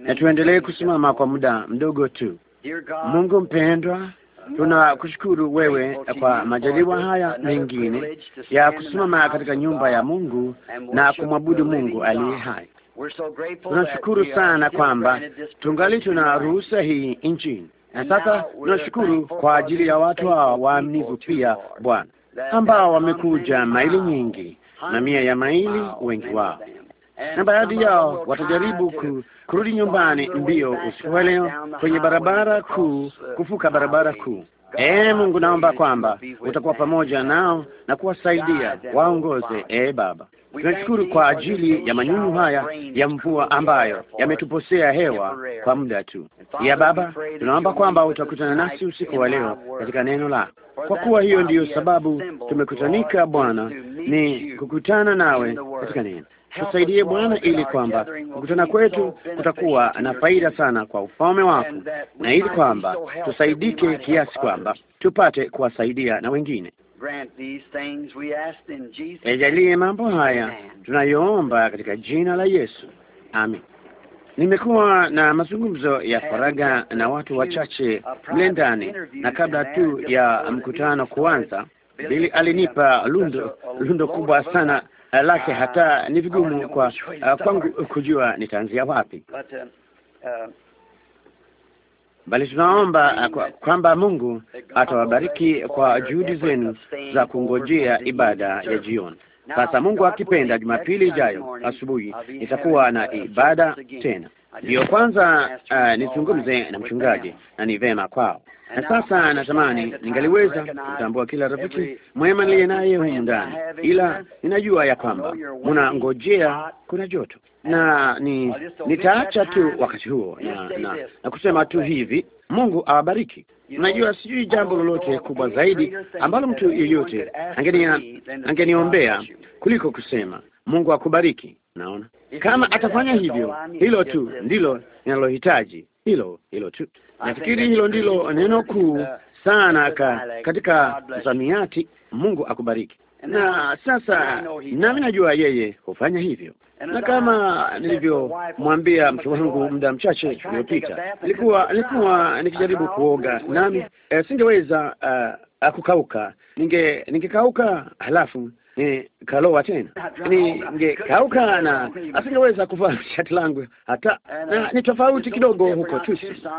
na tuendelee kusimama kwa muda mdogo tu. Mungu mpendwa, tunakushukuru wewe kwa majaliwa haya mengine ya kusimama katika nyumba ya Mungu na kumwabudu Mungu aliye hai. Tunashukuru sana kwamba tungali tuna ruhusa hii nchini, na sasa tunashukuru kwa ajili ya watu hawa waaminifu pia, Bwana, ambao wamekuja maili nyingi, mamia ya maili, wengi wao na baadhi yao watajaribu ku, kurudi nyumbani mbio usiku wa leo kwenye barabara kuu, uh, kuvuka barabara kuu. Ee Mungu, naomba kwamba utakuwa pamoja nao na kuwasaidia oh waongoze. Ee Baba, tunashukuru kwa ajili ya manyunyu haya ya mvua ambayo yametuposea hewa kwa muda tu. Ya Baba, tunaomba kwamba utakutana nasi usiku wa leo katika neno lako, kwa kuwa hiyo ndiyo sababu tumekutanika. Bwana, ni kukutana nawe katika neno tusaidie Bwana, ili kwamba kukutana kwetu kutakuwa na faida sana kwa ufalme wako, na ili kwamba tusaidike kiasi kwamba tupate kuwasaidia na wengine. Yajalie mambo haya tunayoomba katika jina la Yesu, amin. Nimekuwa na mazungumzo ya faraga na watu wachache mle ndani, na kabla tu ya mkutano kuanza, Bili alinipa lundo lundo kubwa sana Eh, lake, hata ni vigumu kwa eh, kwangu kujua nitaanzia wapi, um, uh, bali tunaomba kwamba Mungu atawabariki kwa juhudi zenu za kungojea ibada ya jioni. Sasa Mungu akipenda, Jumapili ijayo asubuhi nitakuwa na ibada tena. Ndiyo kwanza uh, nizungumze na mchungaji na ni vema kwao na sasa natamani ningaliweza kutambua kila rafiki mwema niliye naye humu ndani, ila ninajua ya kwamba mnangojea, kuna joto na ni nitaacha tu wakati huo na, na, na kusema tu hivi, Mungu awabariki. Unajua, sijui jambo lolote kubwa zaidi ambalo mtu yeyote angeniombea kuliko kusema Mungu akubariki. Naona kama atafanya hivyo, hilo tu ndilo linalohitaji hilo hilo tu. Nafikiri hilo ndilo neno kuu uh, sana ka, katika msamiati. Mungu akubariki. Na sasa nami najua yeye hufanya hivyo, na kama nilivyomwambia mke wangu muda mchache uliopita, nilikuwa nilikuwa nikijaribu kuoga nami e, singeweza uh, kukauka, ninge ningekauka halafu ni kalowa tena, ni ngekauka na asingeweza kuvaa shati langu hata, na ni tofauti kidogo huko tu,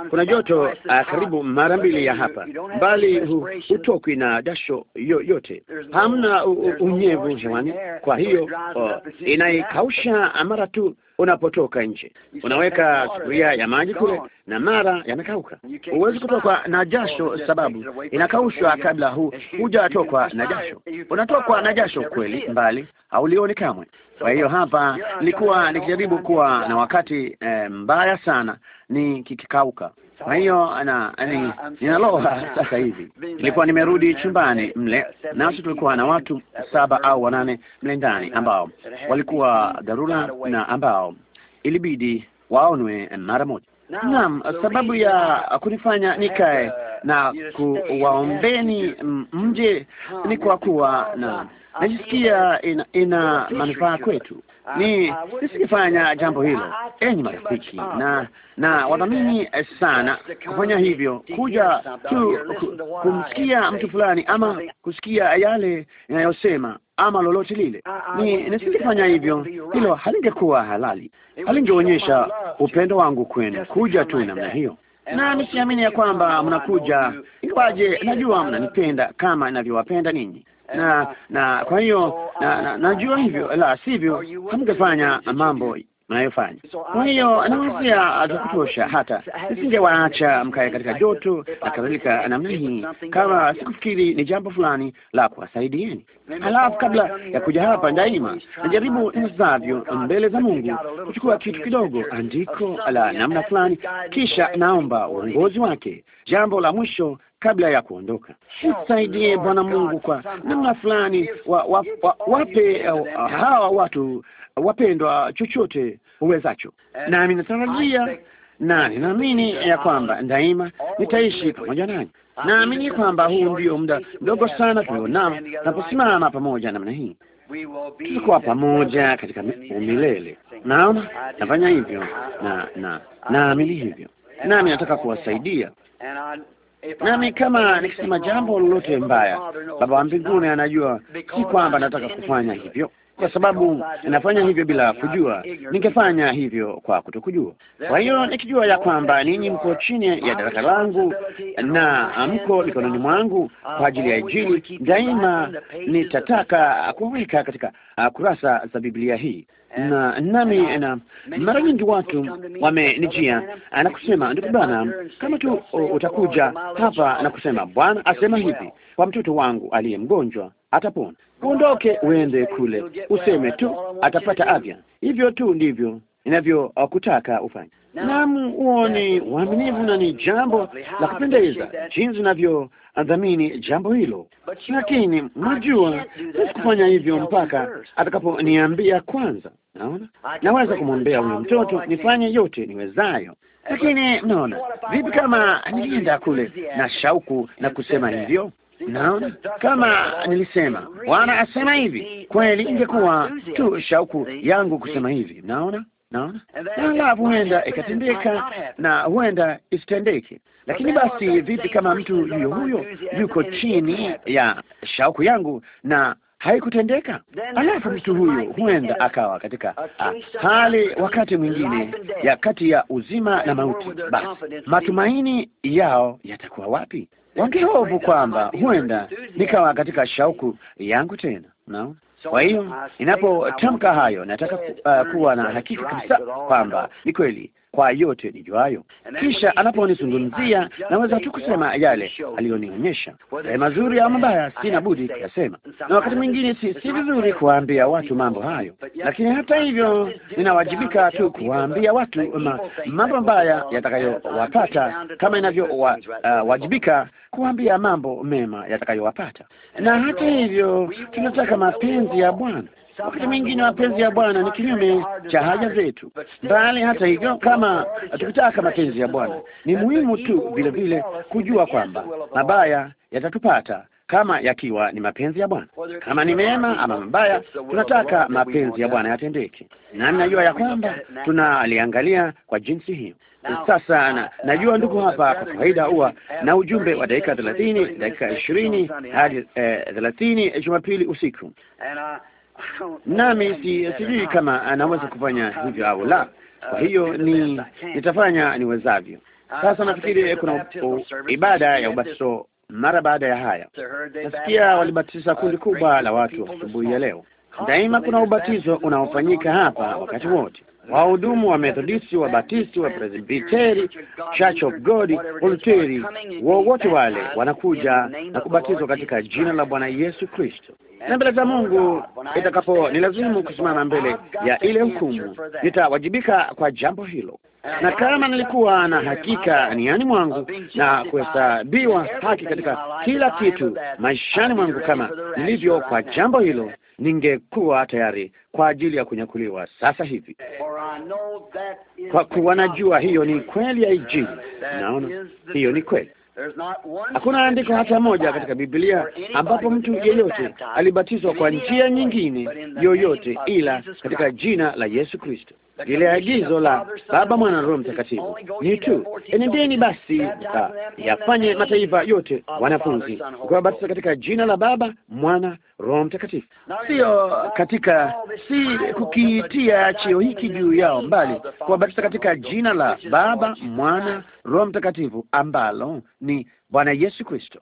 kuna joto ah, karibu mara mbili ya hapa, bali hutokwi na dasho yoyote, hamna unyevu hewani, kwa hiyo oh, inaikausha mara tu unapotoka nje. Unaweka sufuria ya maji kule, na mara yanakauka. Huwezi kutokwa na jasho, sababu inakaushwa kabla hu hujatokwa na jasho. Unatokwa na jasho kweli, mbali haulioni kamwe. Kwa hiyo hapa nilikuwa nikijaribu kuwa na wakati eh, mbaya sana ni kikikauka kwa hiyo ana ninaloa sasa hivi. Nilikuwa nimerudi chumbani eh, mle, eh, nasi tulikuwa na watu saba au wanane mle ndani uh, ambao walikuwa dharura na ambao ilibidi waonwe mara moja. Naam, sababu ya kunifanya nikae uh, na kuwaombeni mje ni kwa kuwa na najisikia ina, ina manufaa kwetu ni nisingefanya ah, ah, jambo hilo, ah, enyi marafiki, na na wadhamini sana kufanya hivyo, kuja tu kumsikia mtu fulani ama kusikia yale yanayosema ama lolote lile. Ni nisingefanya hivyo, hilo halingekuwa halali, halingeonyesha upendo wangu kwenu, kuja tu namna hiyo na nisiamini ya kwamba mnakuja, ingawaje najua mnanipenda kama ninavyowapenda ninyi na na kwa hiyo najua na, hivyo la sivyo hamngefanya mambo mnayofanya. Kwa hiyo nawazia za kutosha, hata nisingewaacha mkae katika joto na kadhalika namna hii, kama sikufikiri ni jambo fulani la kuwasaidieni. Halafu kabla ya kuja hapa, daima najaribu niwezavyo mbele za Mungu kuchukua kitu kidogo, andiko la namna fulani, kisha naomba uongozi wake. Jambo la mwisho kabla ya kuondoka. Usaidie Bwana Mungu kwa namna fulani, wa, wa, wa, wape uh, hawa watu wapendwa chochote uwezacho, nami natarajia na ninaamini ya kwamba daima nitaishi pamoja nanyi. Naamini kwamba huu ndio muda mdogo sana tulionao, tunaposimama pamoja namna hii tutakuwa pamoja katika milele. Naona nafanya hivyo na naamini hivyo, nami nataka kuwasaidia Nami kama nikisema jambo lolote mbaya, Baba wa mbinguni anajua, si kwamba nataka kufanya hivyo, kwa sababu inafanya hivyo bila kujua. Ningefanya hivyo kwa kutokujua. Kwa hiyo nikijua ya kwamba ninyi mko chini ya daraka langu na mko mikononi mwangu kwa ajili ya Injili, daima nitataka kuweka katika uh, kurasa za Biblia hii na nami na mara nyingi watu wamenijia na kusema, ndugu bwana, kama tu utakuja hapa na kusema, Bwana asema hivi kwa mtoto wangu aliye mgonjwa atapona, uondoke uende kule, useme tu atapata afya. Hivyo tu ndivyo inavyokutaka uh, ufanye. Naam, huo ni uaminivu na ni jambo la kupendeza jinsi inavyodhamini uh, jambo hilo, lakini mnajua siwezi kufanya hivyo mpaka atakaponiambia kwanza. Naona naweza kumwombea huyo mtoto, nifanye yote niwezayo, lakini mnaona vipi kama nilienda kule na shauku na kusema hivyo? Naona kama nilisema Bwana asema hivi, kweli ingekuwa tu shauku yangu kusema hivi. Naona naona na huenda ikatendeka na huenda isitendeke. Lakini basi vipi kama mtu yuyo huyo yuko chini ya shauku yangu na haikutendeka, alafu mtu huyo huenda akawa katika a, ah, hali wakati mwingine ya kati ya uzima na mauti, basi matumaini yao yatakuwa wapi? Wangehofu kwamba huenda nikawa katika shauku yangu tena, naona kwa hiyo ninapotamka hayo, nataka ku, uh, kuwa na hakika kabisa kwamba ni kweli kwa yote nijuayo. Kisha anaponizungumzia naweza tu kusema yale aliyonionyesha, e, mazuri au mabaya, sina budi kuyasema, na wakati mwingine si, si vizuri kuwaambia watu mambo hayo, lakini hata hivyo ninawajibika tu kuwaambia watu ma, mambo mabaya yatakayowapata kama inavyowajibika wa, uh, eh, kuwaambia mambo mema yatakayowapata. Na hata hivyo tunataka mapenzi ya Bwana Wakati mwingine mapenzi ya Bwana ni kinyume cha haja zetu, bali hata hivyo, kama tukitaka mapenzi ya Bwana, ni muhimu tu vile vile kujua kwamba mabaya yatatupata kama yakiwa ni mapenzi ya Bwana, kama ni mema ama mabaya, tunataka mapenzi ya Bwana yatendeke, nami najua ya kwamba tunaliangalia kwa jinsi hiyo. Sasa na, najua ndugu, hapa kwa kawaida huwa na ujumbe wa dakika thelathini, dakika ishirini hadi eh, thelathini Jumapili usiku nami si, sijui kama anaweza kufanya hivyo au la. Kwa hiyo ni nitafanya niwezavyo. Sasa nafikiri kuna ibada ya ubatizo mara baada ya haya. Nasikia walibatiza kundi kubwa la watu asubuhi ya leo. Daima kuna ubatizo unaofanyika hapa wakati wote. Wahudumu wa Methodisti, wa Batisti, wa Presbiteri, Church of God, Ulteri, wowote wale wanakuja na kubatizwa katika jina la Bwana Yesu Kristo na mbele za Mungu itakapo nilazimu kusimama mbele ya ile hukumu, nitawajibika kwa jambo hilo. Na kama nilikuwa na hakika niani mwangu na kuhesabiwa haki katika kila kitu maishani mwangu kama nilivyo kwa jambo hilo, ningekuwa tayari kwa ajili ya kunyakuliwa sasa hivi, kwa kuwa najua hiyo ni kweli ya Injili. Naona hiyo ni kweli Hakuna andiko hata moja katika Biblia ambapo mtu yeyote alibatizwa kwa njia nyingine yoyote ila katika jina la Yesu Kristo ile agizo la Baba, Mwana, Roho Mtakatifu ni tu enendeni basi yafanye mataifa yote wanafunzi, ukiwabatiza katika jina la Baba, Mwana, Roho Mtakatifu. Sio katika si kukiitia cheo hiki juu yao, mbali kuwabatiza katika jina la Baba, Mwana, Roho Mtakatifu ambalo ni Bwana Yesu Kristo.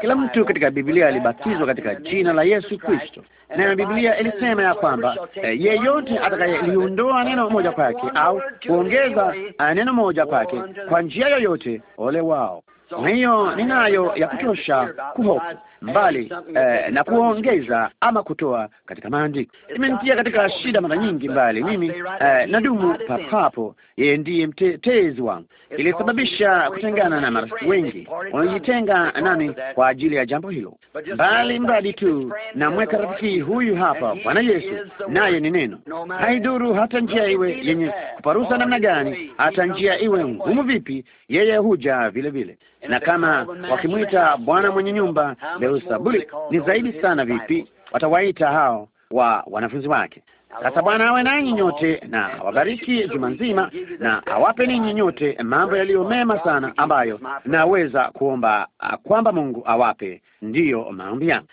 Kila mtu katika Biblia alibatizwa katika jina la Yesu Kristo, nayo Biblia ilisema ya kwamba eh, yeyote atakayeliondoa neno moja kwake au kuongeza eh, neno moja kwake kwa njia yoyote, ole wao na hiyo ninayo ya kutosha kuhofu mbali eh, na kuongeza ama kutoa katika maandiko. Imenitia katika shida mara nyingi, mbali mimi eh, nadumu papapo. Yeye ndiye mtetezi wangu, ilisababisha kutengana na marafiki wengi wanajitenga nami kwa ajili ya jambo hilo, mbali mradi tu namweka rafiki huyu hapa Bwana Yesu, naye ni neno. Haiduru hata njia iwe yenye kuparusa namna gani, hata njia iwe ngumu vipi, yeye huja vile vile na kama wakimwita bwana mwenye nyumba Beelzebuli, ni zaidi sana vipi watawaita hao wa wanafunzi wake. Sasa Bwana awe nanyi nyote na wabariki juma nzima, na awape ninyi nyote mambo yaliyo mema sana ambayo naweza kuomba ah, kwamba Mungu awape. Ndiyo maombi yangu.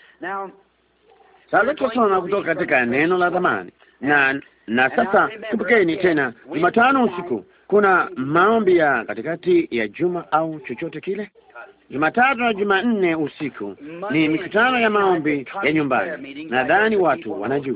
Sasa tutasoma kutoka katika neno la zamani na na sasa kumbukeni tena Jumatano usiku kuna maombi ya katikati ya juma au chochote kile. Jumatatu na Jumanne usiku ni mikutano ya maombi ya nyumbani, nadhani watu wanajua.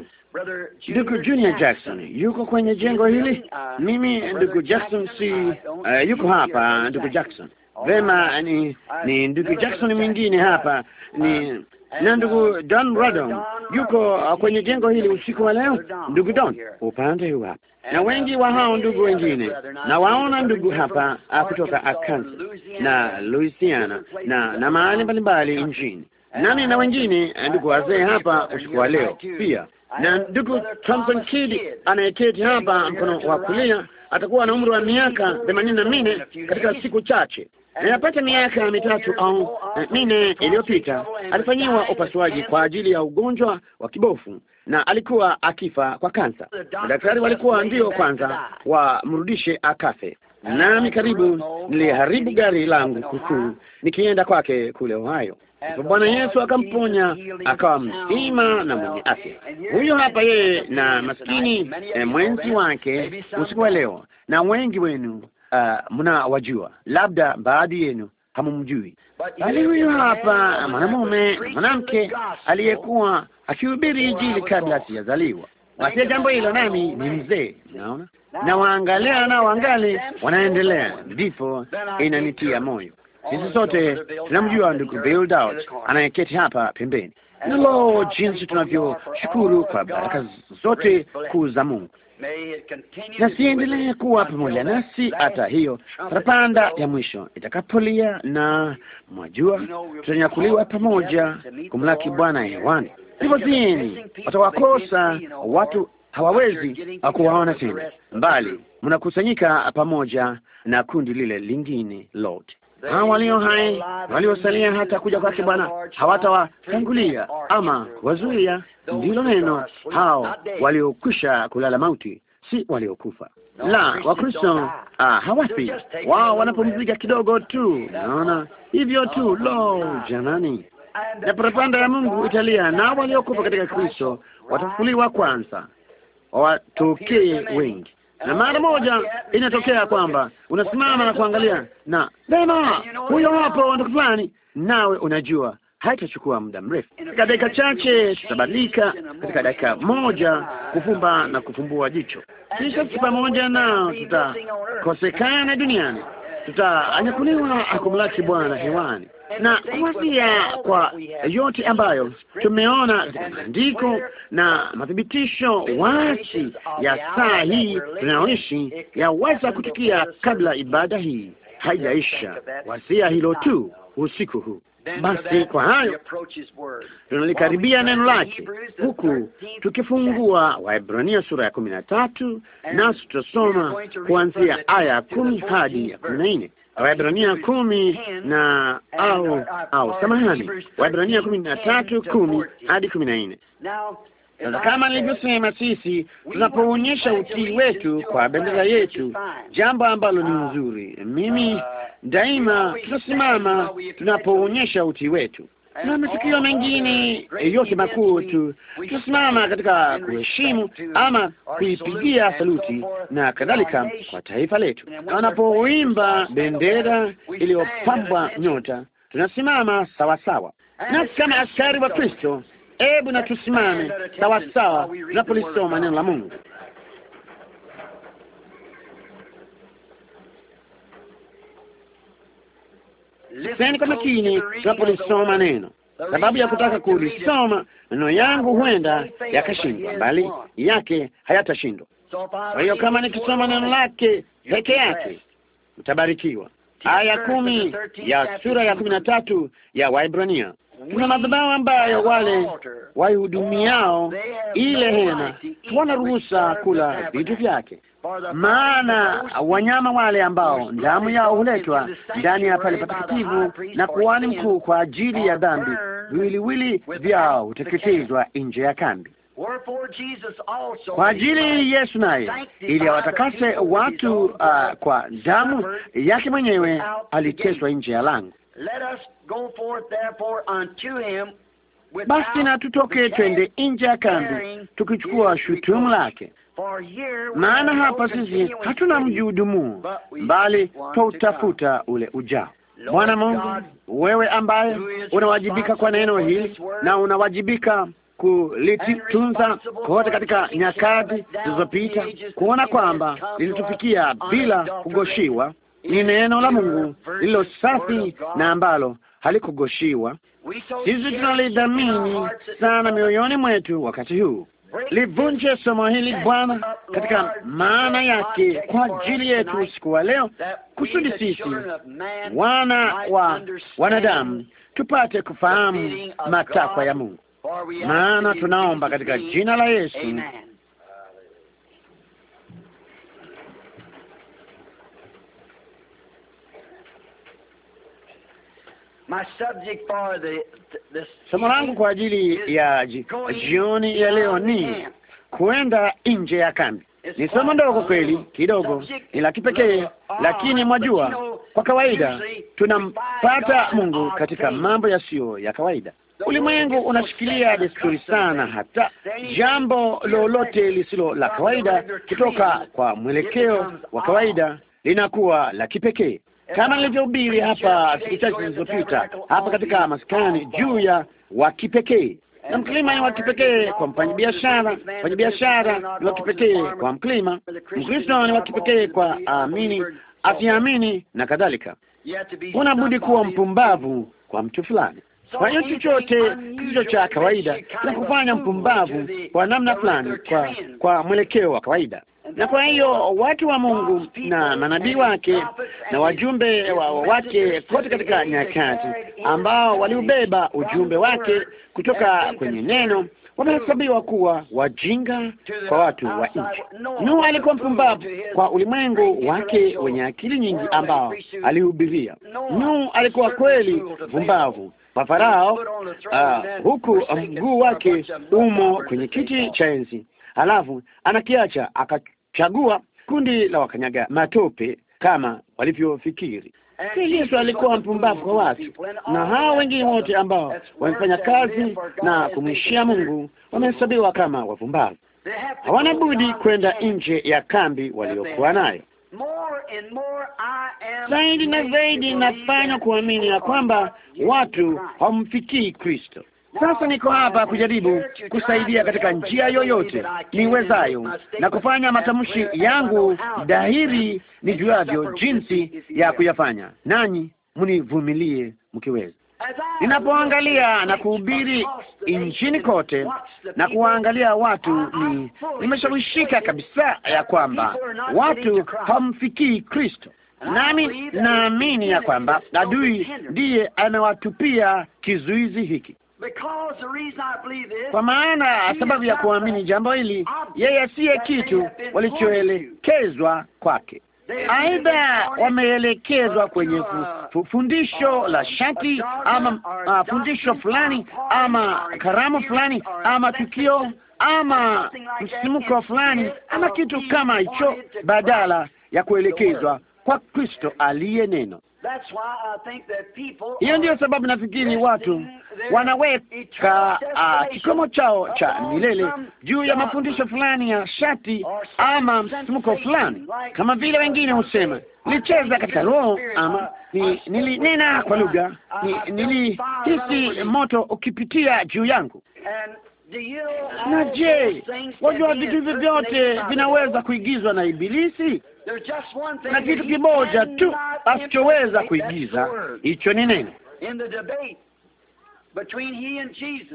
Ndugu Junior Jackson yuko kwenye jengo hili. Mimi ndugu Jackson si uh, yuko hapa ndugu Jackson. Vema, ni, ni ndugu Jackson mwingine hapa ni na ndugu Don Radon yuko uh, kwenye jengo hili usiku wa leo. Ndugu Don upande huu hapa, na wengi wa hao ndugu wengine na waona ndugu hapa uh, kutoka Arkansas uh, na Louisiana na na mahali mbalimbali nchini nani na wengine ndugu wazee hapa usiku wa leo pia, na ndugu Thompson Kidd anayeketi hapa mkono wa kulia atakuwa na umri wa miaka themanini na nne katika siku chache. Napata miaka mitatu au eh, minne iliyopita alifanyiwa upasuaji kwa ajili ya ugonjwa wa kibofu na alikuwa akifa kwa kansa. Madaktari walikuwa ndio kwanza wamrudishe akafe, nami karibu niliharibu gari langu kukuu nikienda kwake kule Ohio. Ndipo Bwana Yesu akamponya akawa mzima na mwenye afya. Huyo hapa yeye na maskini eh, mwenzi wake usiku wa leo, na wengi wenu uh, mnawajua, labda baadhi yenu hamumjui, bali huyu hapa mwanamume mwanamke aliyekuwa akihubiri Injili kabla sijazaliwa. Wasia jambo hilo, nami ni mzee, naona na waangalia na wangali wanaendelea, ndipo inanitia moyo. Sisi sote tunamjua ndugu Bildad anayeketi hapa pembeni. Nalo jinsi tunavyoshukuru kwa baraka zote kuu za Mungu na siendelee kuwa pamoja nasi hata hiyo parapanda ya mwisho itakapolia, na mwajua, tutanyakuliwa pamoja kumlaki Bwana hewani. zieni, watawakosa oh watu, hawawezi kuwaona tena, mbali mnakusanyika pamoja na kundi lile lingine lote hao walio hai waliosalia hata kuja kwake Bwana hawatawatangulia ama kuwazuia, ndilo neno. Hao waliokwisha kulala mauti, si waliokufa. La, Wakristo ah, hawafi wao, wanapumzika kidogo tu, naona hivyo tu. Lo, jamani, na parapanda ya Mungu italia, na waliokufa katika Kristo watafufuliwa kwanza, wawatokee wengi na mara moja inatokea kwamba unasimama na kuangalia, na vema, huyo hapo ndugu fulani, nawe unajua haitachukua muda mrefu. Katika dakika chache tutabadilika, katika dakika moja kufumba na kufumbua jicho, kisha sisi pamoja nao tutakosekana duniani, tutaanyakuliwa akumlaki Bwana hewani na kuwazia kwa yote ambayo tumeona katika maandiko na mathibitisho wazi ya saa hii tunayoishi yaweza kutukia kabla ibada hii haijaisha. Wasia hilo tu usiku huu. Basi kwa hayo tunalikaribia neno lake, huku tukifungua Waebrania sura ya kumi na tatu, nasi tutasoma kuanzia aya ya kumi hadi ya kumi na nne. Waibrania kumi na au au samahani, Waibrania kumi na tatu kumi hadi kumi na nne. Sasa kama nilivyosema, sisi tunapoonyesha utii wetu kwa bendera yetu, jambo ambalo ni nzuri, mimi daima tunasimama tunapoonyesha utii wetu Oh, na matukio mengine yote makuu tu, tunasimama katika kuheshimu ama kuipigia saluti na kadhalika kwa taifa letu, wanapoimba bendera iliyopambwa nyota, tunasimama sawasawa, na kama askari wa Kristo, hebu na tusimame sawasawa tunapolisoma neno la Mungu. Seni kwa makini tunapolisoma neno, sababu ya kutaka kulisoma neno yangu huenda yakashindwa, bali yake hayatashindwa. Kwa hiyo kama nikisoma neno lake peke yake mtabarikiwa. Aya kumi ya sura ya kumi na tatu ya Waibrania. Tuna madhabahu ambayo wale waihudumiao ile hema wana ruhusa kula vitu vyake, maana wanyama wale ambao damu yao huletwa ndani ya pale patakatifu na kuhani mkuu kwa ajili ya dhambi, viwiliwili vyao huteketezwa nje ya kambi. Kwa ajili Yesu naye ili awatakase watu uh, kwa damu yake mwenyewe aliteswa nje ya lango. Basi na tutoke twende nje ya kambi tukichukua shutumu lake, maana hapa sisi hatuna mji udumuo, bali twautafuta ule ujao. Bwana Mungu, wewe ambaye unawajibika kwa neno hili na unawajibika kulitunza kote katika nyakati zilizopita, kuona kwamba lilitufikia bila kugoshiwa ni neno la Mungu lilo safi na ambalo halikugoshiwa. Sisi tunalidhamini sana mioyoni mwetu wakati huu. Livunje somo hili Bwana, katika maana yake kwa ajili yetu usiku wa leo, kusudi sisi wana wa wanadamu tupate kufahamu matakwa ya Mungu. Maana tunaomba katika jina la Yesu, Somo langu kwa ajili ya jioni ya leo ni kuenda nje ya kambi. Ni somo ndogo kweli kidogo, ni la kipekee, lakini mwajua, kwa kawaida tunampata Mungu katika mambo yasiyo ya kawaida. Ulimwengu unashikilia desturi sana, hata jambo lolote lisilo la kawaida kutoka kwa mwelekeo wa kawaida linakuwa la kipekee kama nilivyohubiri hapa siku chache zilizopita hapa katika maskani juu ya wa kipekee na mkulima ni wa kipekee kwa mfanya biashara ni wa kipekee kwa mkulima, Mkristo ni wa kipekee kwa aamini, asiamini na kadhalika. Huna budi kuwa mpumbavu kwa mtu fulani. Kwa hiyo chochote kisicho cha kawaida na kufanya mpumbavu kwa namna fulani, kwa kwa mwelekeo wa kawaida. Na kwa hiyo watu wa Mungu na manabii wake na wajumbe wa wake kote katika nyakati ambao waliubeba ujumbe wake kutoka kwenye neno wamehesabiwa kuwa wajinga kwa watu wa nchi. Nuhu alikuwa mpumbavu kwa ulimwengu wake wenye akili nyingi ambao alihubiria. Nuhu alikuwa kweli mpumbavu kwa Farao, uh, huku mguu wake umo kwenye kiti cha enzi, halafu anakiacha aka chagua kundi la wakanyaga matope kama walivyofikiri. Yesu alikuwa mpumbavu kwa watu, na hao wengine wote ambao wamefanya kazi na kumwishia Mungu wamehesabiwa kama wapumbavu. Hawana budi kwenda nje ya kambi waliokuwa nayo. Zaidi na zaidi inafanywa kuamini ya kwamba watu hawamfikii Kristo. Sasa niko hapa kujaribu kusaidia katika njia yoyote niwezayo na kufanya matamshi yangu dhahiri nijuavyo jinsi ya kuyafanya, nanyi mnivumilie mkiweza. Ninapoangalia na kuhubiri nchini kote na kuwaangalia watu, ni nimeshawishika kabisa ya kwamba watu hawamfikii Kristo, nami naamini ya kwamba adui ndiye amewatupia kizuizi hiki. Kwa maana sababu ya kuamini jambo hili, yeye asiye kitu walichoelekezwa kwake. Aidha, wameelekezwa kwenye fundisho la shati ah, ama a, fundisho fulani ama karamu fulani ama tukio ama msisimko fulani ama kitu kama hicho, badala ya kuelekezwa kwa Kristo aliye neno. Hiyo ndiyo sababu nafikiri watu wanaweka uh, kikomo chao cha milele juu ya mafundisho fulani ya shati ama msimuko fulani, kama vile wengine husema nilicheza katika roho ama uh, ni, nilinena kwa lugha uh, ni, nilihisi moto ukipitia juu yangu. Na je, wajua vitu hivyo vyote vinaweza kuigizwa na Ibilisi? Kuna kitu kimoja tu asichoweza kuigiza, hicho ni neno.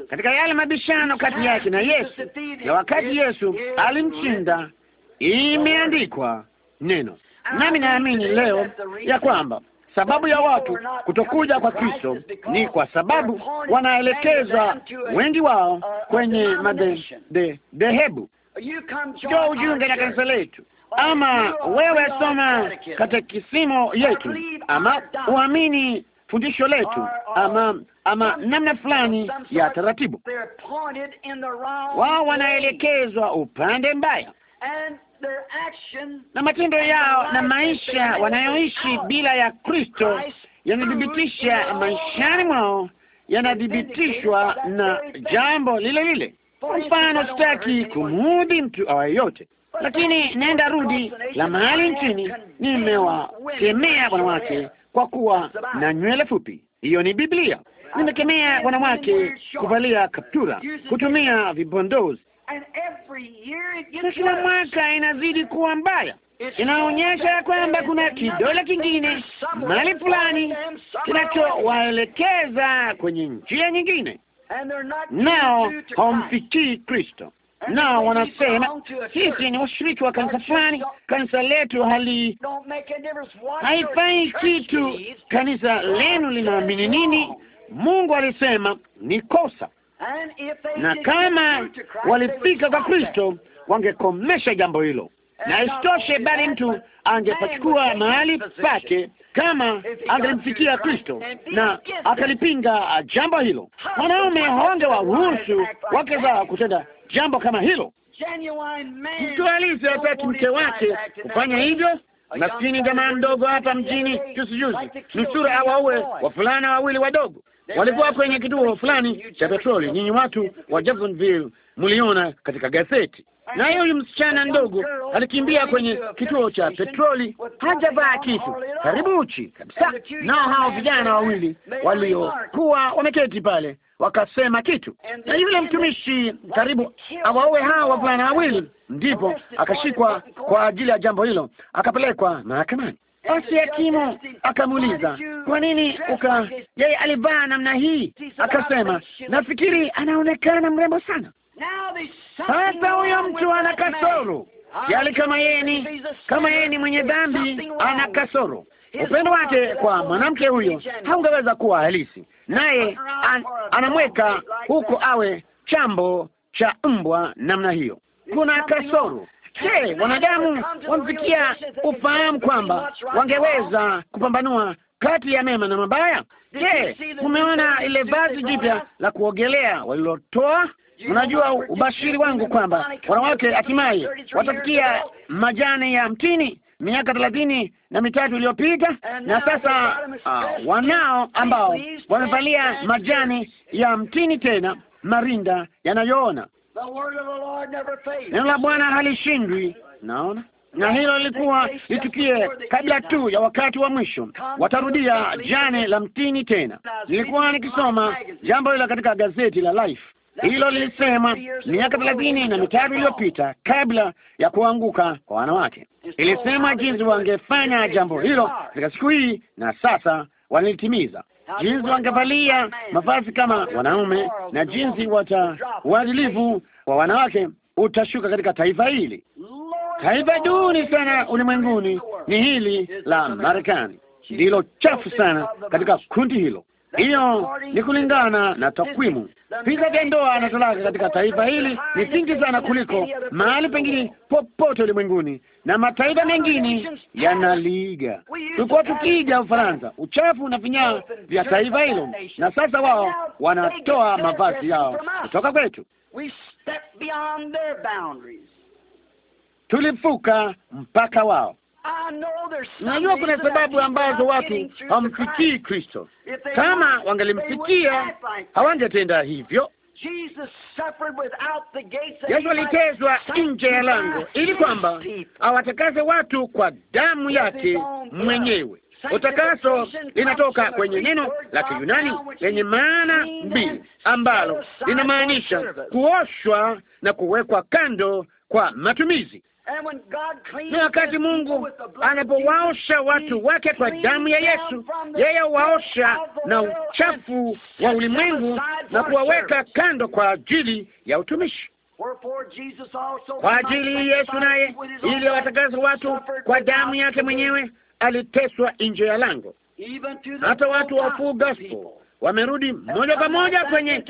Katika yale mabishano kati yake na Yesu na wakati Yesu alimshinda, imeandikwa neno. Nami naamini leo ya kwamba sababu ya watu kutokuja kwa Kristo ni kwa sababu wanaelekezwa wengi wao kwenye madhehebu. Njoo ujiunge na kanisa letu ama wewe soma kisimo yetu, ama uamini fundisho letu, ama ama namna fulani ya taratibu. Wao wanaelekezwa upande mbaya na matendo yao na maisha wanayoishi bila ya Kristo yanadhibitisha maishani mwao, yanadhibitishwa na jambo lile lile. Kwa mfano, sitaki kumuudhi mtu awayeyote, lakini nenda rudi la mahali nchini, nimewakemea wanawake kwa kuwa na nywele fupi. Hiyo ni Biblia. Nimekemea wanawake kuvalia kaptura, kutumia vibondozi, na kila mwaka inazidi kuwa mbaya. Inaonyesha ya kwamba kuna kidole kingine mahali fulani kinachowaelekeza kwenye njia nyingine, nao hawamfikii Kristo na wanasema sisi ni washiriki wa kanisa fulani, kanisa letu hali haifai kitu, kanisa lenu linaamini nini? Mungu alisema ni kosa, na kama walifika kwa Kristo wangekomesha jambo hilo, na isitoshe, bali mtu angepachukua mahali pake kama angelimfikia Kristo na akalipinga jambo hilo, wanaume hawangewaruhusu wake za kutenda jambo kama hilo. Mtu alizi hataki mke wake kufanya hivyo. Maskini jamaa mdogo hapa mjini juzi juzi, nusura awaue fulana wawili wadogo, walikuwa kwenye kituo fulani cha petroli. Nyinyi watu wa Jeffersonville mliona katika gazeti. Na yule msichana ndogo alikimbia kwenye kituo cha petroli, hajavaa kitu, karibu uchi kabisa. Nao hao vijana wawili waliokuwa wameketi pale wakasema kitu, na yule mtumishi karibu awaowe hao wavulana wawili, ndipo akashikwa kwa ajili ya jambo hilo, akapelekwa mahakamani. Basi hakimu akamuuliza, kwa nini uka, yeye alivaa namna hii? Akasema, nafikiri anaonekana mrembo sana. Sasa huyo mtu ana kasoro yali, kama yeye ni kama yeye ni mwenye dhambi, ana kasoro. Upendo wake kwa mwanamke huyo haungeweza kuwa halisi, naye an, anamweka huko awe chambo cha mbwa namna hiyo. Kuna kasoro. Je, wanadamu wamfikia ufahamu kwamba wangeweza kupambanua kati ya mema na mabaya? Je, umeona ile vazi jipya la kuogelea walilotoa unajua ubashiri wangu kwamba wanawake hatimaye watafikia majani ya mtini miaka thelathini na mitatu iliyopita, na sasa uh, wanao ambao wamevalia majani ya mtini tena marinda yanayoona. Neno la Bwana halishindwi, naona na hilo lilikuwa litukie kabla tu ya wakati wa mwisho, watarudia jani la mtini tena. Nilikuwa nikisoma jambo hilo katika gazeti la Life hilo lilisema miaka thelathini na mitatu iliyopita kabla ya kuanguka kwa wanawake. Ilisema jinsi wangefanya jambo hilo katika siku hii, na sasa wanalitimiza, jinsi wangevalia mavazi kama wanaume na jinsi wata uadilifu wa wanawake utashuka katika taifa hili. Taifa duni sana ulimwenguni ni hili la Marekani, ndilo chafu sana katika kundi hilo. Hiyo ni kulingana na takwimu. Visa vya ndoa na talaka katika taifa hili ni vingi sana kuliko mahali pengine popote ulimwenguni, na mataifa mengine yanaliiga. Tulikuwa tukiiga Ufaransa, uchafu na vinyaa vya taifa hilo, na sasa wao wanatoa mavazi yao kutoka kwetu. Tulivuka mpaka wao. Najua kuna sababu ambazo watu hawamfikii Kristo. Kama wangalimfikia hawangetenda hivyo. Yesu alitezwa nje ya lango ili kwamba awatakase watu kwa damu yake mwenyewe. Utakaso linatoka kwenye neno la Kiyunani lenye maana mbili ambalo linamaanisha kuoshwa na kuwekwa kando kwa matumizi na wakati Mungu anapowaosha watu wake kwa damu ya Yesu, yeye huwaosha na uchafu wa ulimwengu na kuwaweka kando kwa ajili ya utumishi. Kwa ajili Yesu naye, ili watakasa watu kwa damu yake mwenyewe, aliteswa nje ya lango. Hata watu wafuu gaspo gospel wamerudi moja kwa moja kwenye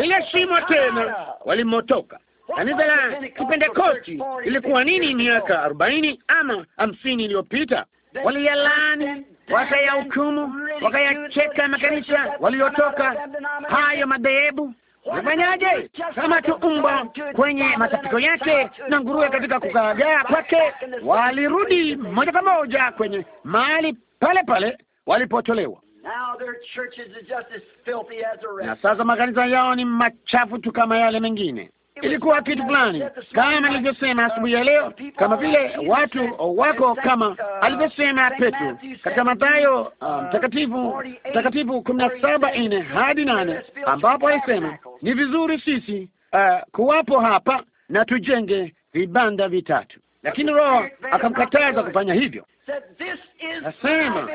lile shimo tena walimotoka. Kanisa la Kipentekosti ilikuwa nini miaka arobaini ama hamsini iliyopita? waliyalani wakayahukumu, wakayacheka makanisa waliotoka hayo madhehebu. Unafanyaje kama tuumba kwenye matapiko yake na nguruwe katika kukaagaa kwake? Walirudi moja kwa moja kwenye mahali pale pale walipotolewa. Na sasa makanisa yao ni machafu tu kama yale mengine ilikuwa kitu fulani, kama nilivyosema asubuhi ya leo, kama vile watu wako, kama alivyosema Petro katika Mathayo uh, mtakatifu mtakatifu kumi na saba nne hadi nane ambapo alisema ni vizuri sisi uh, kuwapo hapa na tujenge vibanda vitatu, lakini Roho akamkataza kufanya hivyo. Nasema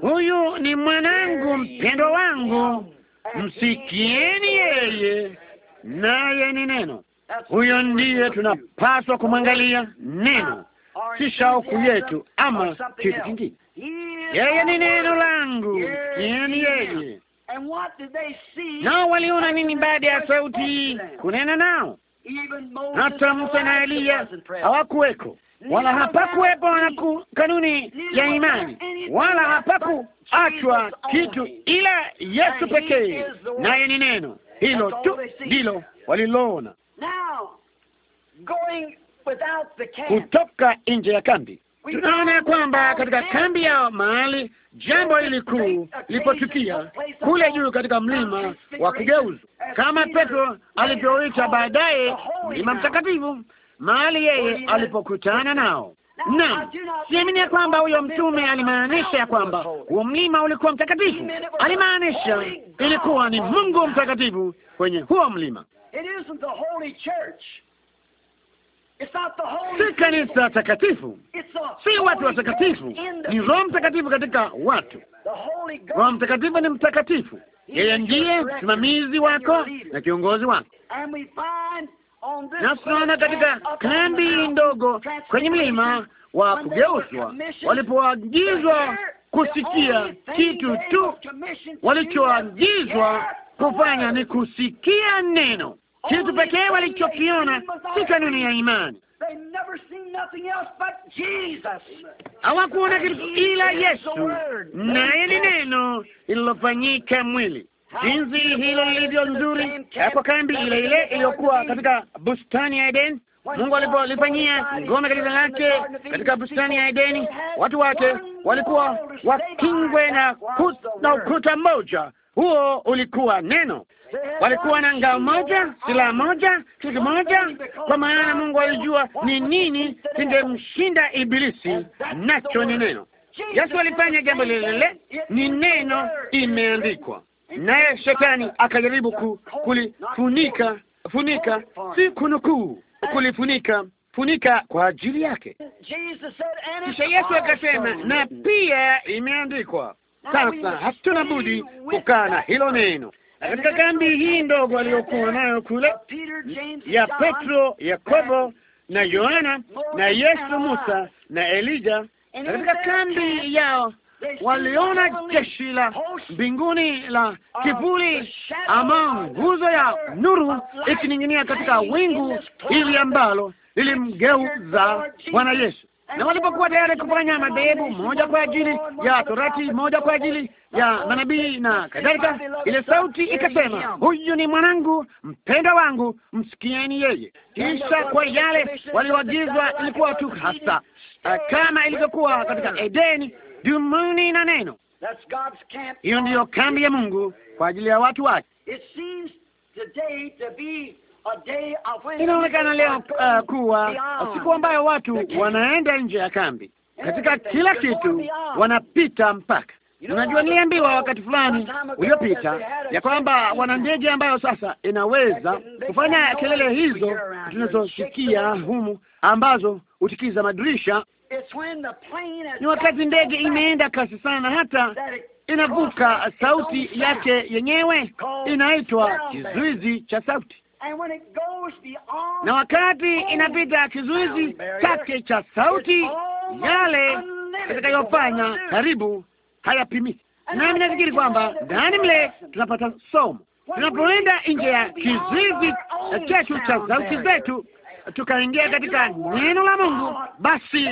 huyu ni mwanangu mpendwa wangu, msikieni yeye naye ni neno. Huyo ndiye tunapaswa kumwangalia neno, ah, si shauku yetu ama kitu kingine. Yeye ni neno langu, ni yeye. Nao waliona nini baada ya sauti kunena nao? Hata Musa na Eliya hawakuweko wala hapakuwepo na kanuni ya imani, wala hapakuachwa kitu ila Yesu pekee, naye ni neno. Hilo tu ndilo waliloona kutoka nje ya kambi. Tunaona ya kwamba katika kambi yao mahali jambo hili kuu lilipotukia kule juu katika mlima wa kugeuzwa, kama Petro alivyoita baadaye mlima mtakatifu, mahali yeye alipokutana nao Naam, siamini ya kwamba huyo mtume alimaanisha ya kwamba huo mlima ulikuwa mtakatifu. Alimaanisha ilikuwa ni Mungu mtakatifu kwenye huo mlima, si kanisa takatifu, si watu watakatifu, ni Roho Mtakatifu katika watu. Roho Mtakatifu ni mtakatifu, yeye ndiye msimamizi wako na kiongozi wako na tunaona katika kambi ndogo kwenye mlima wa kugeuzwa walipoagizwa kusikia kitu tu, walichoagizwa kufanya ni kusikia neno. Kitu pekee walichokiona si kanuni ya imani. Hawakuona kitu ila Yesu, naye ni neno lililofanyika mwili jinsi hilo lilivyo nzuri kwa kambi ile ile iliyokuwa katika bustani ya Edeni. Mungu alipolifanyia ngome kanisa lake katika bustani ya Edeni, watu wake walikuwa wakingwe na, na ukuta mmoja. Huo ulikuwa neno. Walikuwa na ngao moja, silaha moja, kitu moja, kwa maana Mungu alijua ni nini kingemshinda Ibilisi, nacho ni neno. Yesu alifanya jambo lile lile, ni neno, imeandikwa naye shetani akajaribu ku, kulifunika funika, si kunukuu, kulifunika funika kwa ajili yake. Kisha Yesu akasema, na pia imeandikwa. Sasa hatuna budi kukaa na hilo neno katika kambi hii ndogo aliyokuwa nayo kule ya Petro, Yakobo na Yohana na Yesu, Musa na Elija, katika kambi yao waliona jeshi la mbinguni la kivuli, ama nguzo ya nuru ikining'inia katika wingu hili ambalo lilimgeuza Bwana Yesu na walipokuwa tayari kufanya madhehebu moja kwa ajili ya torati, moja kwa ajili ya manabii na kadhalika, ile sauti ikasema, huyu ni mwanangu mpenda wangu, msikieni yeye. Kisha kwa yale walioagizwa, ilikuwa tu hasa kama ilivyokuwa katika Edeni, dumuni na neno. Hiyo ndiyo kambi ya Mungu kwa ajili ya watu wake. Inaonekana leo uh, kuwa siku ambayo watu wanaenda nje ya kambi katika kila kitu, wanapita mpaka. Unajua, niliambiwa uh, wakati fulani uliopita ya kwamba wana ndege ambayo sasa inaweza kufanya kelele hizo tunazosikia humu ambazo hutikiza madirisha ni wakati ndege imeenda kasi sana hata inavuka sauti yake yenyewe, inaitwa kizuizi cha sauti. Na wakati inapita kizuizi chake cha sauti, yale atakayofanya karibu hayapimiki. Nami nafikiri kwamba ndani mle tunapata somo tunapoenda nje ya kizuizi chetu cha sauti zetu tukaingia katika neno la Mungu, basi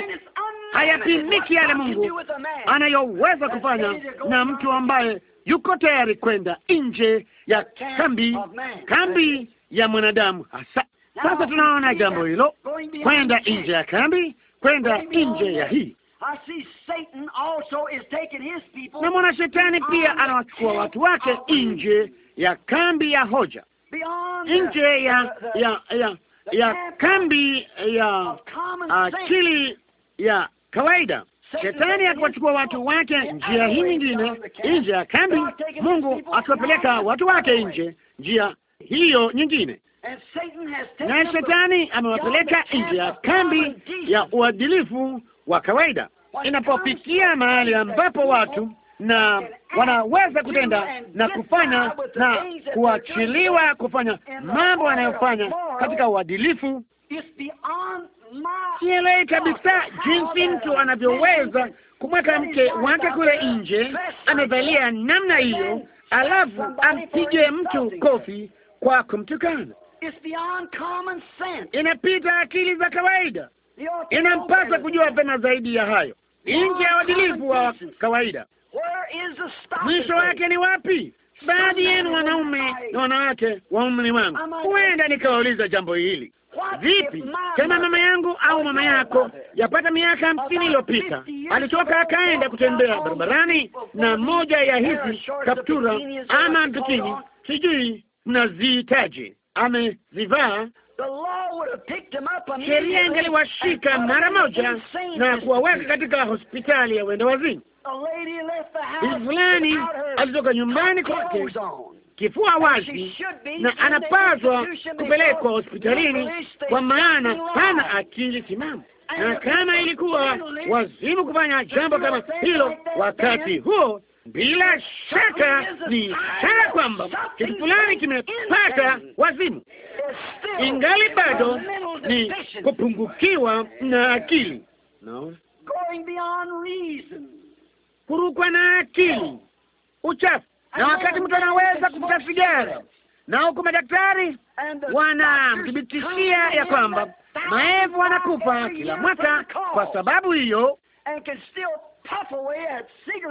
hayapimiki yale Mungu anayoweza kufanya na mtu ambaye yuko tayari kwenda nje ya kambi kambi ya mwanadamu hasa. Sasa tunaona jambo hilo, kwenda nje ya kambi, kwenda nje ya hii na mwana shetani pia anawachukua watu wake nje ya kambi ya hoja, nje ya ya ya ya kambi ya akili ah, ya kawaida. Shetani akiwachukua watu wake njia hii nyingine, nje ya kambi, Mungu akiwapeleka watu wake nje njia hiyo nyingine, na shetani amewapeleka nje ya kambi ya uadilifu wa kawaida. Inapofikia mahali ambapo watu na wanaweza kutenda na kufanya na kuachiliwa kufanya mambo wanayofanya katika uadilifu. Sielewi kabisa jinsi mtu anavyoweza kumweka mke wake kule nje amevalia namna hiyo, alafu ampige mtu kofi kwa kumtukana. Inapita akili za kawaida. Inampasa kujua vema zaidi ya hayo, nje ya uadilifu wa kawaida mwisho wake ni wapi? Baadhi yenu wanaume na wanawake wa umri wangu, huenda nikawauliza jambo hili, vipi kama mama yangu au mama yako yapata miaka hamsini iliyopita alitoka akaenda kutembea barabarani na moja ya hizi kaptura ama bikini, sijui mnazihitaji, amezivaa sheria ingeliwashika mara moja na kuwaweka katika hospitali ya uenda wazimu bibi fulani alitoka nyumbani kwake kifua wazi na anapaswa kupelekwa hospitalini kwa maana hana akili timamu, na kama ilikuwa wazimu kufanya jambo kama hilo wakati huo, bila shaka ni ishara kwamba kitu fulani kimepata wazimu, ingali bado ni kupungukiwa na akili no? kurukwa na akili, uchafu, na wakati mtu anaweza kuvuta sigara na huku madaktari wanamthibitishia ya kwamba maevu wanakufa kila mwaka kwa sababu hiyo,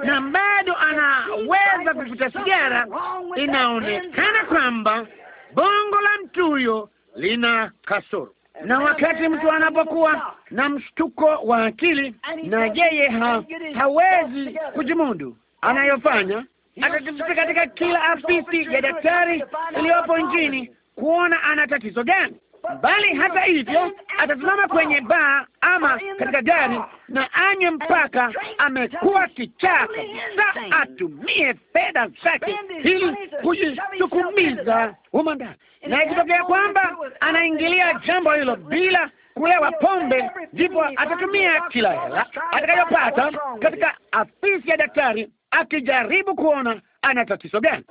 na bado anaweza kuvuta sigara. Inaonekana kwamba bongo la mtu huyo lina kasoro na wakati mtu anapokuwa na mshtuko wa akili na yeye ha, hawezi kujimudu anayofanya, atatafuta katika kila afisi ya daktari iliyopo nchini kuona ana tatizo gani bali hata hivyo atasimama kwenye baa ama katika gari na anywe mpaka amekuwa kichaa kabisa, atumie fedha zake ili kujisukumiza humo ndani, na ikitokea kwamba anaingilia jambo hilo bila kulewa pombe, ndipo atatumia kila hela atakayopata katika afisi ya daktari, akijaribu kuona ana tatizo gani.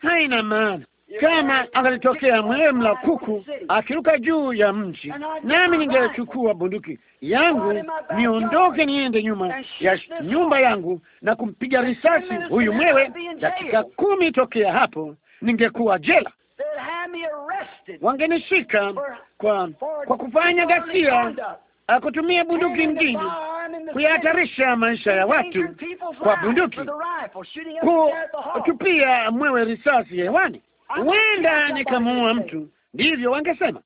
Haina maana kama angalitokea mla kuku akiruka juu ya mji, nami ningechukua bunduki yangu niondoke, niende nyuma ya nyumba yangu na kumpiga risasi huyu mwewe. Dakika kumi tokea hapo ningekuwa jela. Wangenishika kwa kwa kufanya ghasia, akutumia bunduki mjini, kuyahatarisha maisha ya watu kwa bunduki, kutupia mwewe risasi hewani huenda nikamuua mtu, ndivyo wangesema.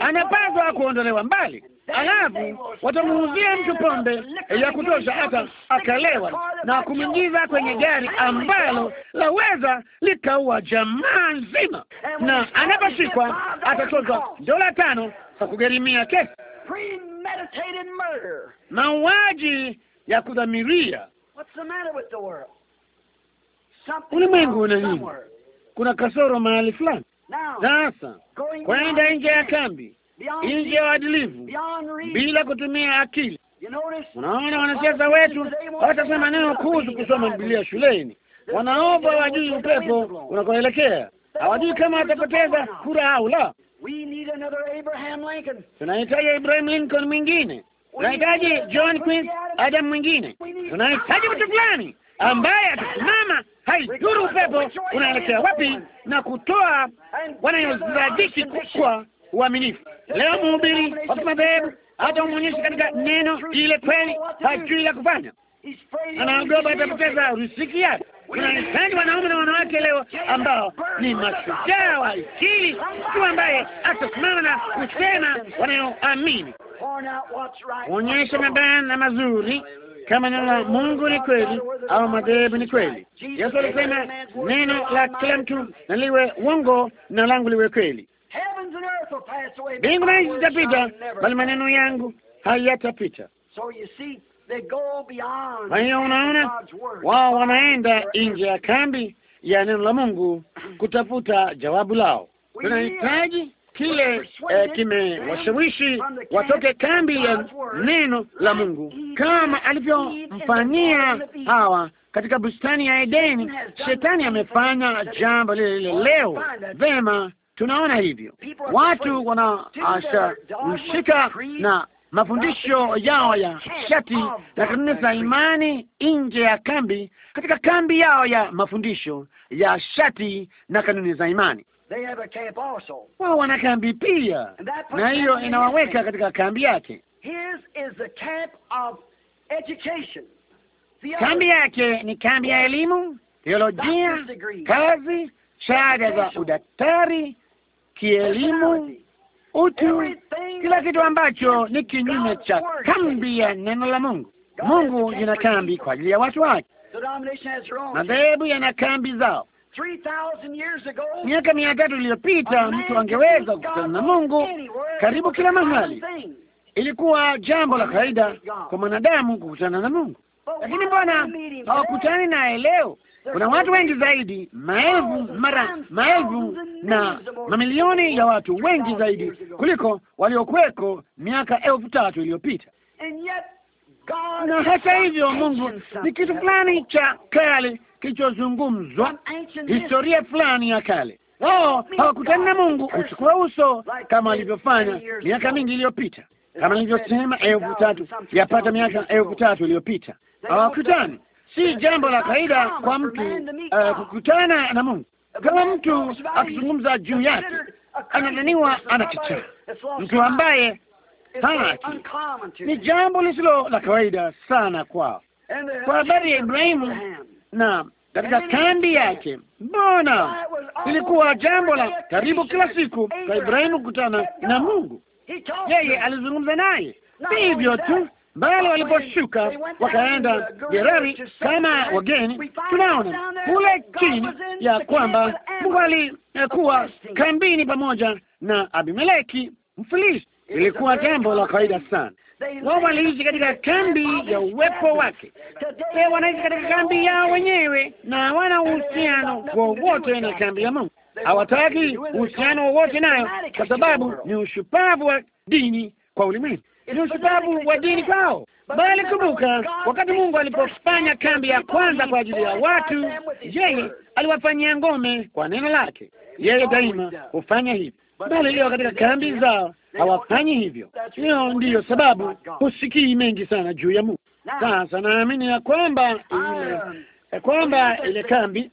Anapaswa kuondolewa mbali, alafu watamuuzia mtu pombe ya kutosha hata akalewa na kumwingiza kwenye gari ambalo laweza likaua jamaa nzima, na anaposhikwa atatozwa dola tano za kugharimia kesi. Mauaji ya kudhamiria ulimwengu una nini? kuna kasoro mahali fulani. Sasa kwenda nje ya kambi, nje ya uadilifu, bila kutumia akili. Unaona, wanasiasa wetu hawatasema neno kuhusu kusoma Biblia shuleni. Wanaomba wajui upepo unakoelekea, hawajui kama watapoteza kura au la. Tunahitaji Abraham Lincoln mwingine, tunahitaji John Quincy Adam mwingine, tunahitaji mtu fulani ambaye atasimama haidhuru upepo unaelekea wapi, na kutoa wanayozadiki kwa uaminifu. Leo mhubiri wa kimadhehebu hata umwonyeshe katika neno ile kweli, hajui la kufanya, anaogopa atapoteza riziki yake. nisani wanaume na wanawake leo ambao ni mashujaa wa akili, mtu ambaye atasimama na kusema wanayoamini, kuonyesha mabaya na mazuri kama neno la Mungu ni kweli au madhehebu ni kweli. Yesu alisema neno la kila mtu naliwe uongo na langu liwe kweli. Mbingu na nchi zitapita, bali maneno yangu hayatapita. Kwa hiyo unaona, wao wanaenda nje ya kambi ya neno la Mungu kutafuta jawabu lao. Tunahitaji kile eh, kimewashawishi watoke kambi ya neno la Mungu, kama alivyomfanyia hawa katika bustani ya Edeni. Shetani amefanya jambo lile lile leo. Vema, tunaona hivyo, watu wanashawishika na mafundisho yao ya shati na kanuni za imani nje ya kambi, katika kambi yao ya mafundisho ya shati na kanuni za imani wao wana kambi pia, na hiyo inawaweka katika kambi yake. Kambi yake ni kambi ya elimu, teolojia, kazi, shahada za udaktari, kielimu, utu, kila kitu ambacho ni kinyume cha kambi ya neno la Mungu. Mungu ina kambi kwa ajili ya watu wake. Madhehebu yana kambi zao. Miaka mia tatu iliyopita mtu angeweza kukutana na Mungu karibu kila mahali. Ilikuwa jambo la kawaida kwa mwanadamu kukutana na Mungu, lakini mbona hawakutani naye leo? Kuna watu wengi zaidi, maelfu mara maelfu na mamilioni ya watu wengi zaidi kuliko waliokuweko miaka elfu tatu iliyopita. Na hata hivyo Mungu ni kitu fulani cha kale kilichozungumzwa, historia fulani ya kale. Oh, hawakutani na Mungu uchukue uso kama alivyofanya miaka mingi iliyopita, kama nilivyosema elfu tatu yapata miaka elfu tatu iliyopita. Hawakutani, si jambo la kawaida kwa mtu uh, kukutana na Mungu. Kama mtu akizungumza juu yake, anadhaniwa anakichaa, mtu ambaye hana ni jambo lisilo la kawaida sana kwao. Kwa habari ya Ibrahimu na katika kambi yake. Mbona ilikuwa jambo la karibu kila siku kwa Ibrahimu kukutana na Mungu, yeye alizungumza naye. Hivyo tu bali waliposhuka wakaenda Gerari kama wageni, tunaona kule chini ya kwamba Mungu alikuwa kambini pamoja na Abimeleki Mfilisti. Ilikuwa jambo la kawaida sana. Wao waliishi katika kambi ya uwepo wake. Leo ee, wanaishi katika kambi yao wenyewe na hawana uhusiano wowote na kambi ya Mungu. Hawataki uhusiano wowote nayo, kwa sababu ni ushupavu wa dini kwa ulimwengu, ni ushupavu wa dini kwao. Bali kumbuka, wakati Mungu alipofanya kambi ya kwanza kwa ajili ya watu, yeye aliwafanyia ngome kwa neno lake. Yeye daima hufanya hivi, bali leo katika kambi zao hawafanyi hivyo. Hiyo ndiyo sababu husikii mengi sana juu ya Mungu. Sasa naamini ya kwamba ile eh, ya kwamba ile kambi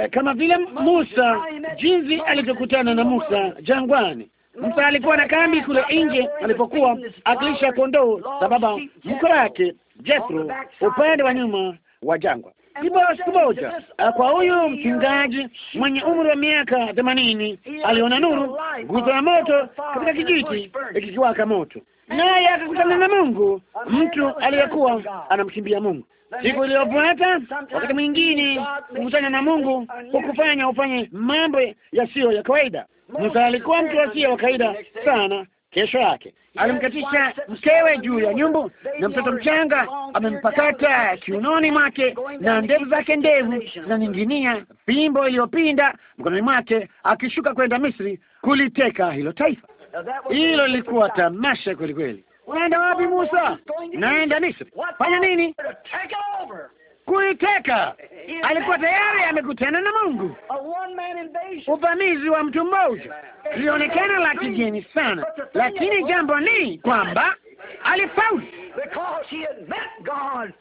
eh, kama vile Musa, jinsi alivyokutana na Musa jangwani. Musa alikuwa na kambi kule nje alipokuwa akilisha kondoo, sababu mko wake Jethro upande wa nyuma wa jangwa kimoja kimoja. Eh, kwa huyu mchungaji mwenye umri wa miaka themanini aliona nuru, nguzo ya moto katika kijiji ikikiwaka moto, naye akakutana na Mungu, mtu aliyekuwa anamkimbia Mungu. Siku iliyofuata, wakati mwingine kukutana na Mungu hukufanya ufanye mambo yasiyo ya kawaida. Musa alikuwa mtu asiye wa kawaida sana. Kesho yake alimkatisha mkewe juu ya nyumbu, na mtoto mchanga amempakata kiunoni mwake, na ndevu zake ndevu zinaning'inia, fimbo iliyopinda mkononi mwake, akishuka kwenda Misri kuliteka hilo taifa. Hilo lilikuwa tamasha kweli kweli. Unaenda wapi Musa? Naenda Misri. Fanya nini? kuiteka. Eh, alikuwa eh, tayari eh. amekutana na Mungu. Uvamizi wa mtu mmoja ilionekana la kigeni sana, lakini jambo ni kwamba alifaulu,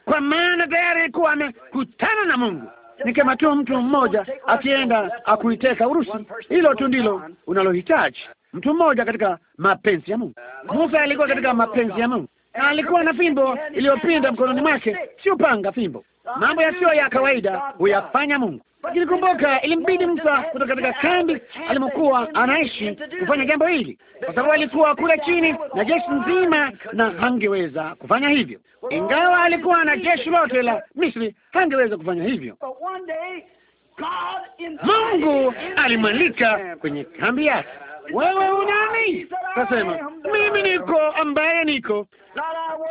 kwa maana tayari alikuwa amekutana na Mungu. Ni kama tu mtu mmoja akienda akuiteka Urusi, hilo tu ndilo unalohitaji, mtu mmoja katika mapenzi ya Mungu. Uh, Musa alikuwa katika mapenzi ya Mungu. Eh, alikuwa na fimbo iliyopinda mkononi mwake, sio panga, fimbo. Mambo yasiyo ya kawaida huyafanya Mungu. Lakini kumbuka, ilimbidi Musa kutoka katika kambi alimokuwa anaishi kufanya jambo hili, kwa sababu alikuwa kule chini na jeshi nzima, na hangeweza kufanya hivyo. Ingawa alikuwa na jeshi lote la Misri, hangeweza kufanya hivyo. Mungu alimwalika kwenye kambi yake wewe unani? Kasema mimi niko ambaye niko,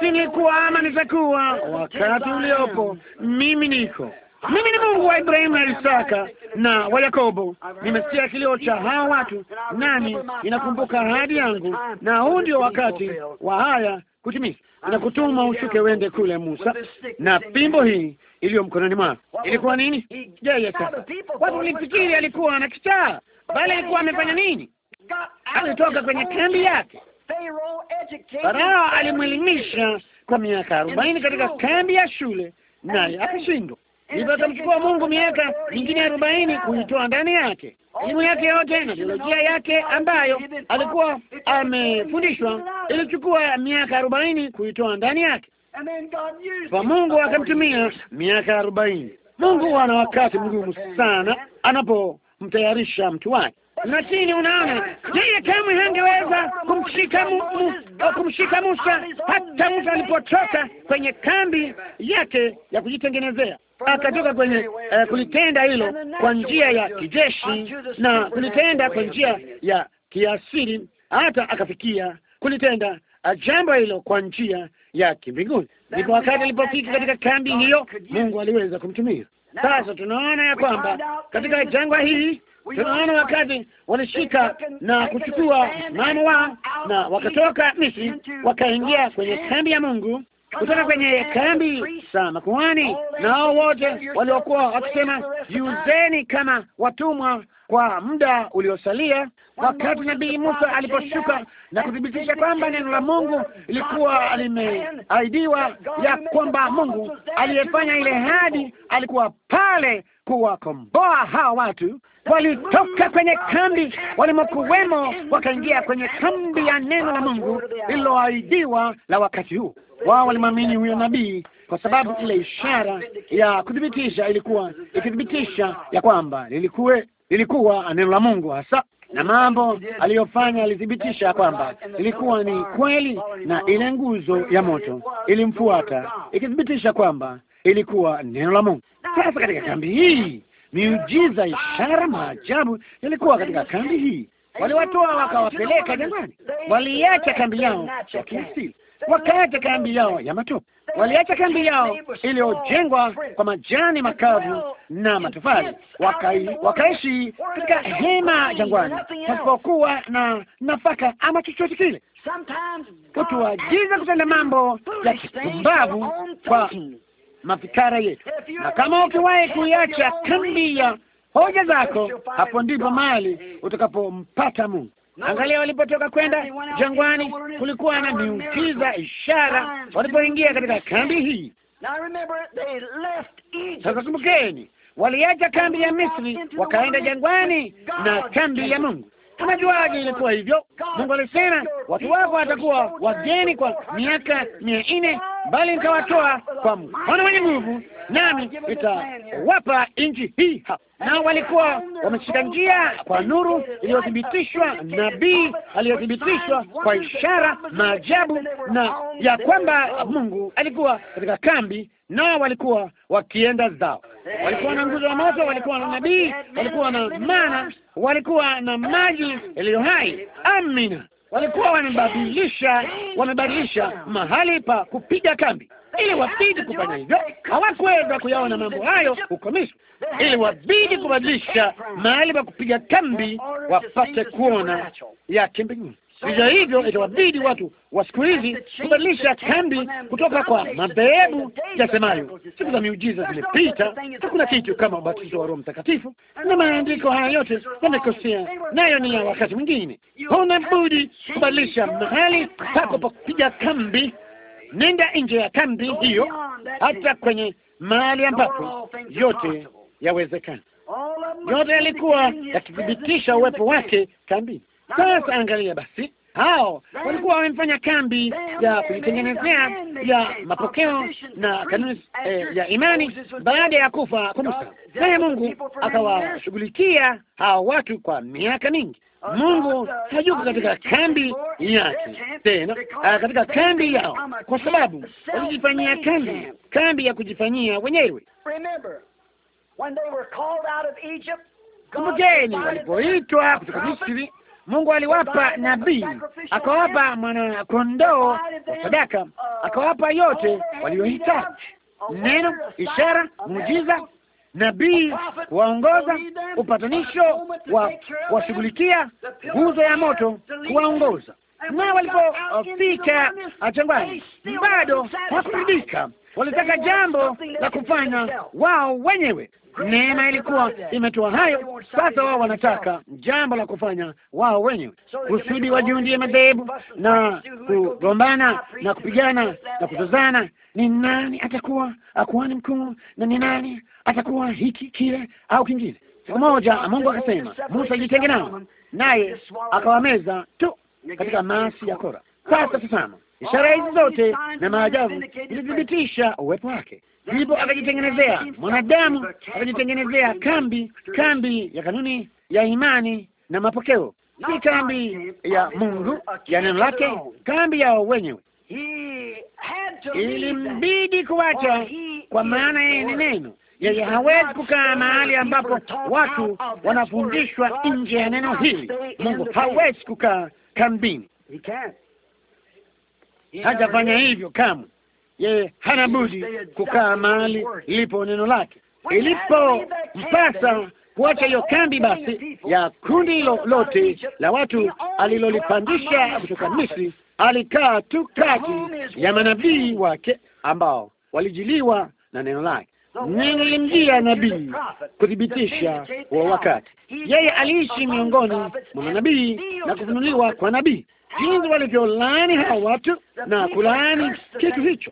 sinikuwa ama nitakuwa, wakati uliopo mimi niko mimi ni Mungu wa Ibrahimu na Isaka na wa Yakobo. Nimesikia kilio cha hawa watu, nani inakumbuka ahadi yangu, na huu ndio wakati wa haya kutimisa. Inakutuma ushuke uende kule Musa na pimbo hii iliyo mkononi mwako. Ilikuwa nini? Yeye sasa, watu walifikiri alikuwa na kichaa, bali alikuwa amefanya nini? alitoka kwenye kambi yake. Farao alimwelimisha kwa miaka arobaini katika kambi ya shule, naye akashindwa. Hivyo akamchukua Mungu miaka mingine arobaini kuitoa ndani yake elimu yake yote na biolojia yake ambayo alikuwa amefundishwa, ilichukua miaka arobaini kuitoa ndani yake. Kwa Mungu akamtumia miaka arobaini. Mungu ana wakati mgumu sana anapomtayarisha mtu wake. Lakini unaona, yeye kamwe hangeweza kumshika mu, kumshika Musa hata Musa alipotoka kwenye kambi yake ya kujitengenezea akatoka kwenye uh, kulitenda hilo kwa njia ya kijeshi na kulitenda kwa njia ya kiasiri, hata akafikia kulitenda ah, jambo hilo kwa njia ya kimbinguni. Ndipo wakati alipofika katika kambi hiyo, Mungu aliweza kumtumia. Sasa tunaona ya kwamba katika jangwa hili tunaona wakati walishika na kuchukua msimamo wao na wakatoka Misri, wakaingia kwenye kambi ya Mungu kutoka kwenye kambi za makuhani, nao wote waliokuwa wakisema jiuzeni kama watumwa kwa muda uliosalia, wakati nabii Musa aliposhuka na kuthibitisha kwamba neno la Mungu ilikuwa limeahidiwa, ya kwamba Mungu aliyefanya ile hadi alikuwa pale kuwakomboa hawa watu. Walitoka kwenye kambi walimokuwemo, wakaingia kwenye kambi ya neno la Mungu lililoahidiwa la wakati huu. Wao walimwamini huyo nabii kwa sababu ile ishara ya kuthibitisha ilikuwa ikithibitisha ya kwamba lilikuwe lilikuwa neno la Mungu hasa, na mambo aliyofanya alithibitisha kwamba ilikuwa ni kweli, na ile nguzo ya moto ilimfuata ikithibitisha kwamba ilikuwa neno la Mungu. Sasa katika kambi hii miujiza, ishara, maajabu yalikuwa katika kambi hii. Waliwatoa wakawapeleka jangwani, waliacha kambi yao ya kiasili, wakaacha kambi yao ya matope, waliacha kambi yao iliyojengwa kwa majani makavu na matofali, wakai, wakaishi katika hema jangwani pasipokuwa na nafaka ama chochote kile. Hutuagiza kutenda mambo ya kipumbavu kwa mafikara yetu, na kama ukiwahi kuiacha kambi ya hoja zako, hapo ndipo mahali utakapompata Mungu. Angalia, walipotoka kwenda yaani jangwani, kulikuwa na miujiza, ishara walipoingia katika kambi hii. Sasa kumbukeni, waliacha kambi ya Misri wakaenda jangwani na kambi ya Mungu. juaji ilikuwa hivyo? Mungu alisema watu wako watakuwa wageni kwa miaka mia nne, bali nitawatoa kwa mkono wenye nguvu, nami nitawapa nchi hii hapa nao walikuwa wameshika njia kwa nuru iliyothibitishwa, nabii aliyothibitishwa kwa ishara, maajabu, na ya kwamba Mungu alikuwa katika kambi, nao walikuwa wakienda zao. Walikuwa na nguzo ya moto, walikuwa na nabii, walikuwa na mana, walikuwa na maji yaliyo hai. Amina, walikuwa wamebadilisha, wamebadilisha mahali pa kupiga kambi ili wabidi kufanya hivyo. Hawakuweza kuyaona mambo hayo huko Misri, ili wabidi kubadilisha mahali pa kupiga kambi wapate kuona ya kimbinguni. Vivyo hivyo itawabidi watu wa siku hizi kubadilisha kambi kutoka kwa madhehebu yasemayo siku za miujiza zimepita, hakuna kitu kama ubatizo wa Roho Mtakatifu, na maandiko haya yote yamekosea, nayo ni ya wakati mwingine. Huna budi kubadilisha mahali pako pa kupiga kambi nenda nje ya kambi hiyo, hata kwenye mahali ambapo yote yawezekana. Yote yalikuwa yakithibitisha uwepo wake kambini. Sasa angalia basi, hao walikuwa wamefanya kambi ya kujitengenezea ya mapokeo na kanuni eh, ya imani baada ya kufa kwa Musa, naye Mungu akawashughulikia hao watu kwa miaka mingi. Mungu hayuko katika kambi yake tena, ah, katika kambi yao, kwa sababu walijifanyia kambi, kambi ya kujifanyia wenyewe. Kumbukeni walipoitwa kutoka Misri, Mungu aliwapa nabii, akawapa mwana kondoo wa sadaka, akawapa yote waliohitaji: neno, ishara, muujiza nabii kuwaongoza, upatanisho wa kuwashughulikia, nguzo ya moto kuwaongoza. Na walipofika jangwani bado hakurudika walitaka jambo la kufanya wao wenyewe. Neema ilikuwa imetoa hayo, sasa wao wanataka jambo la kufanya wao wenyewe, kusudi wajiundie madhehebu na kugombana na kupigana na kutozana. Ni nani atakuwa akuani mkuu na ni nani atakuwa hiki kile au kingine? Siku moja Mungu akasema, Musa, jitenge nao, naye akawameza tu katika maasi ya Kora. Sasa tazama Ishara hizi zote na maajabu ilithibitisha uwepo wake. Ndipo akajitengenezea mwanadamu, akajitengenezea kambi, kambi ya kanuni ya imani na mapokeo, si kambi ya Mungu ya neno lake, kambi yao wenyewe. Ilimbidi kuacha, kwa maana yeye ni neno. Yeye hawezi kukaa mahali ambapo watu wanafundishwa nje ya neno hili. Mungu hawezi kukaa kambini hajafanya hivyo kamwe. Yeye hana budi kukaa mahali lipo neno lake ilipo mpasa kuacha hiyo kambi basi ya kundi lo, lote la watu alilolipandisha kutoka Misri. Alikaa tu kati ya manabii wake ambao walijiliwa na neno lake. limjia nabii kuthibitisha wa wakati, yeye aliishi miongoni mwa manabii na kufunuliwa kwa nabii jinsi walivyolaani hao watu na kulaani kitu hicho.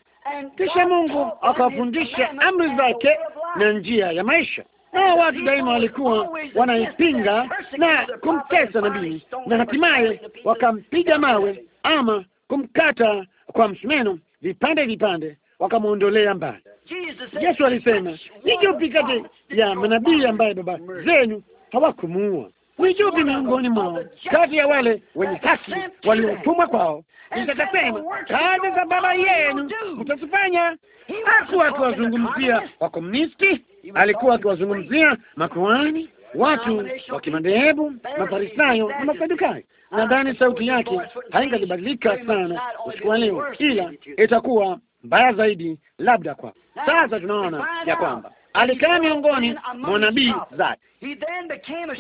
Kisha Mungu akawafundisha amri zake na njia ya maisha, nao watu daima walikuwa wanaipinga na kumtesa nabii, na hatimaye wakampiga mawe ama kumkata kwa msumeno vipande vipande, wakamwondolea mbali. Yesu alisema, nijupi kati ya manabii ambaye baba zenu hawakumuua? Wijubi miongoni mwao kati ya wale wenye haki waliotumwa kwao, nitakasema kazi za baba yenu mtazifanya. Hakuwa akiwazungumzia wakomunisti, alikuwa akiwazungumzia makuhani, watu wa kimadhehebu, mafarisayo na masadukayo. Nadhani sauti yake haingalibadilika sana usiku wa leo, ila itakuwa mbaya zaidi labda. Kwa sasa tunaona ya kwamba alikaa miongoni mwa nabii zake,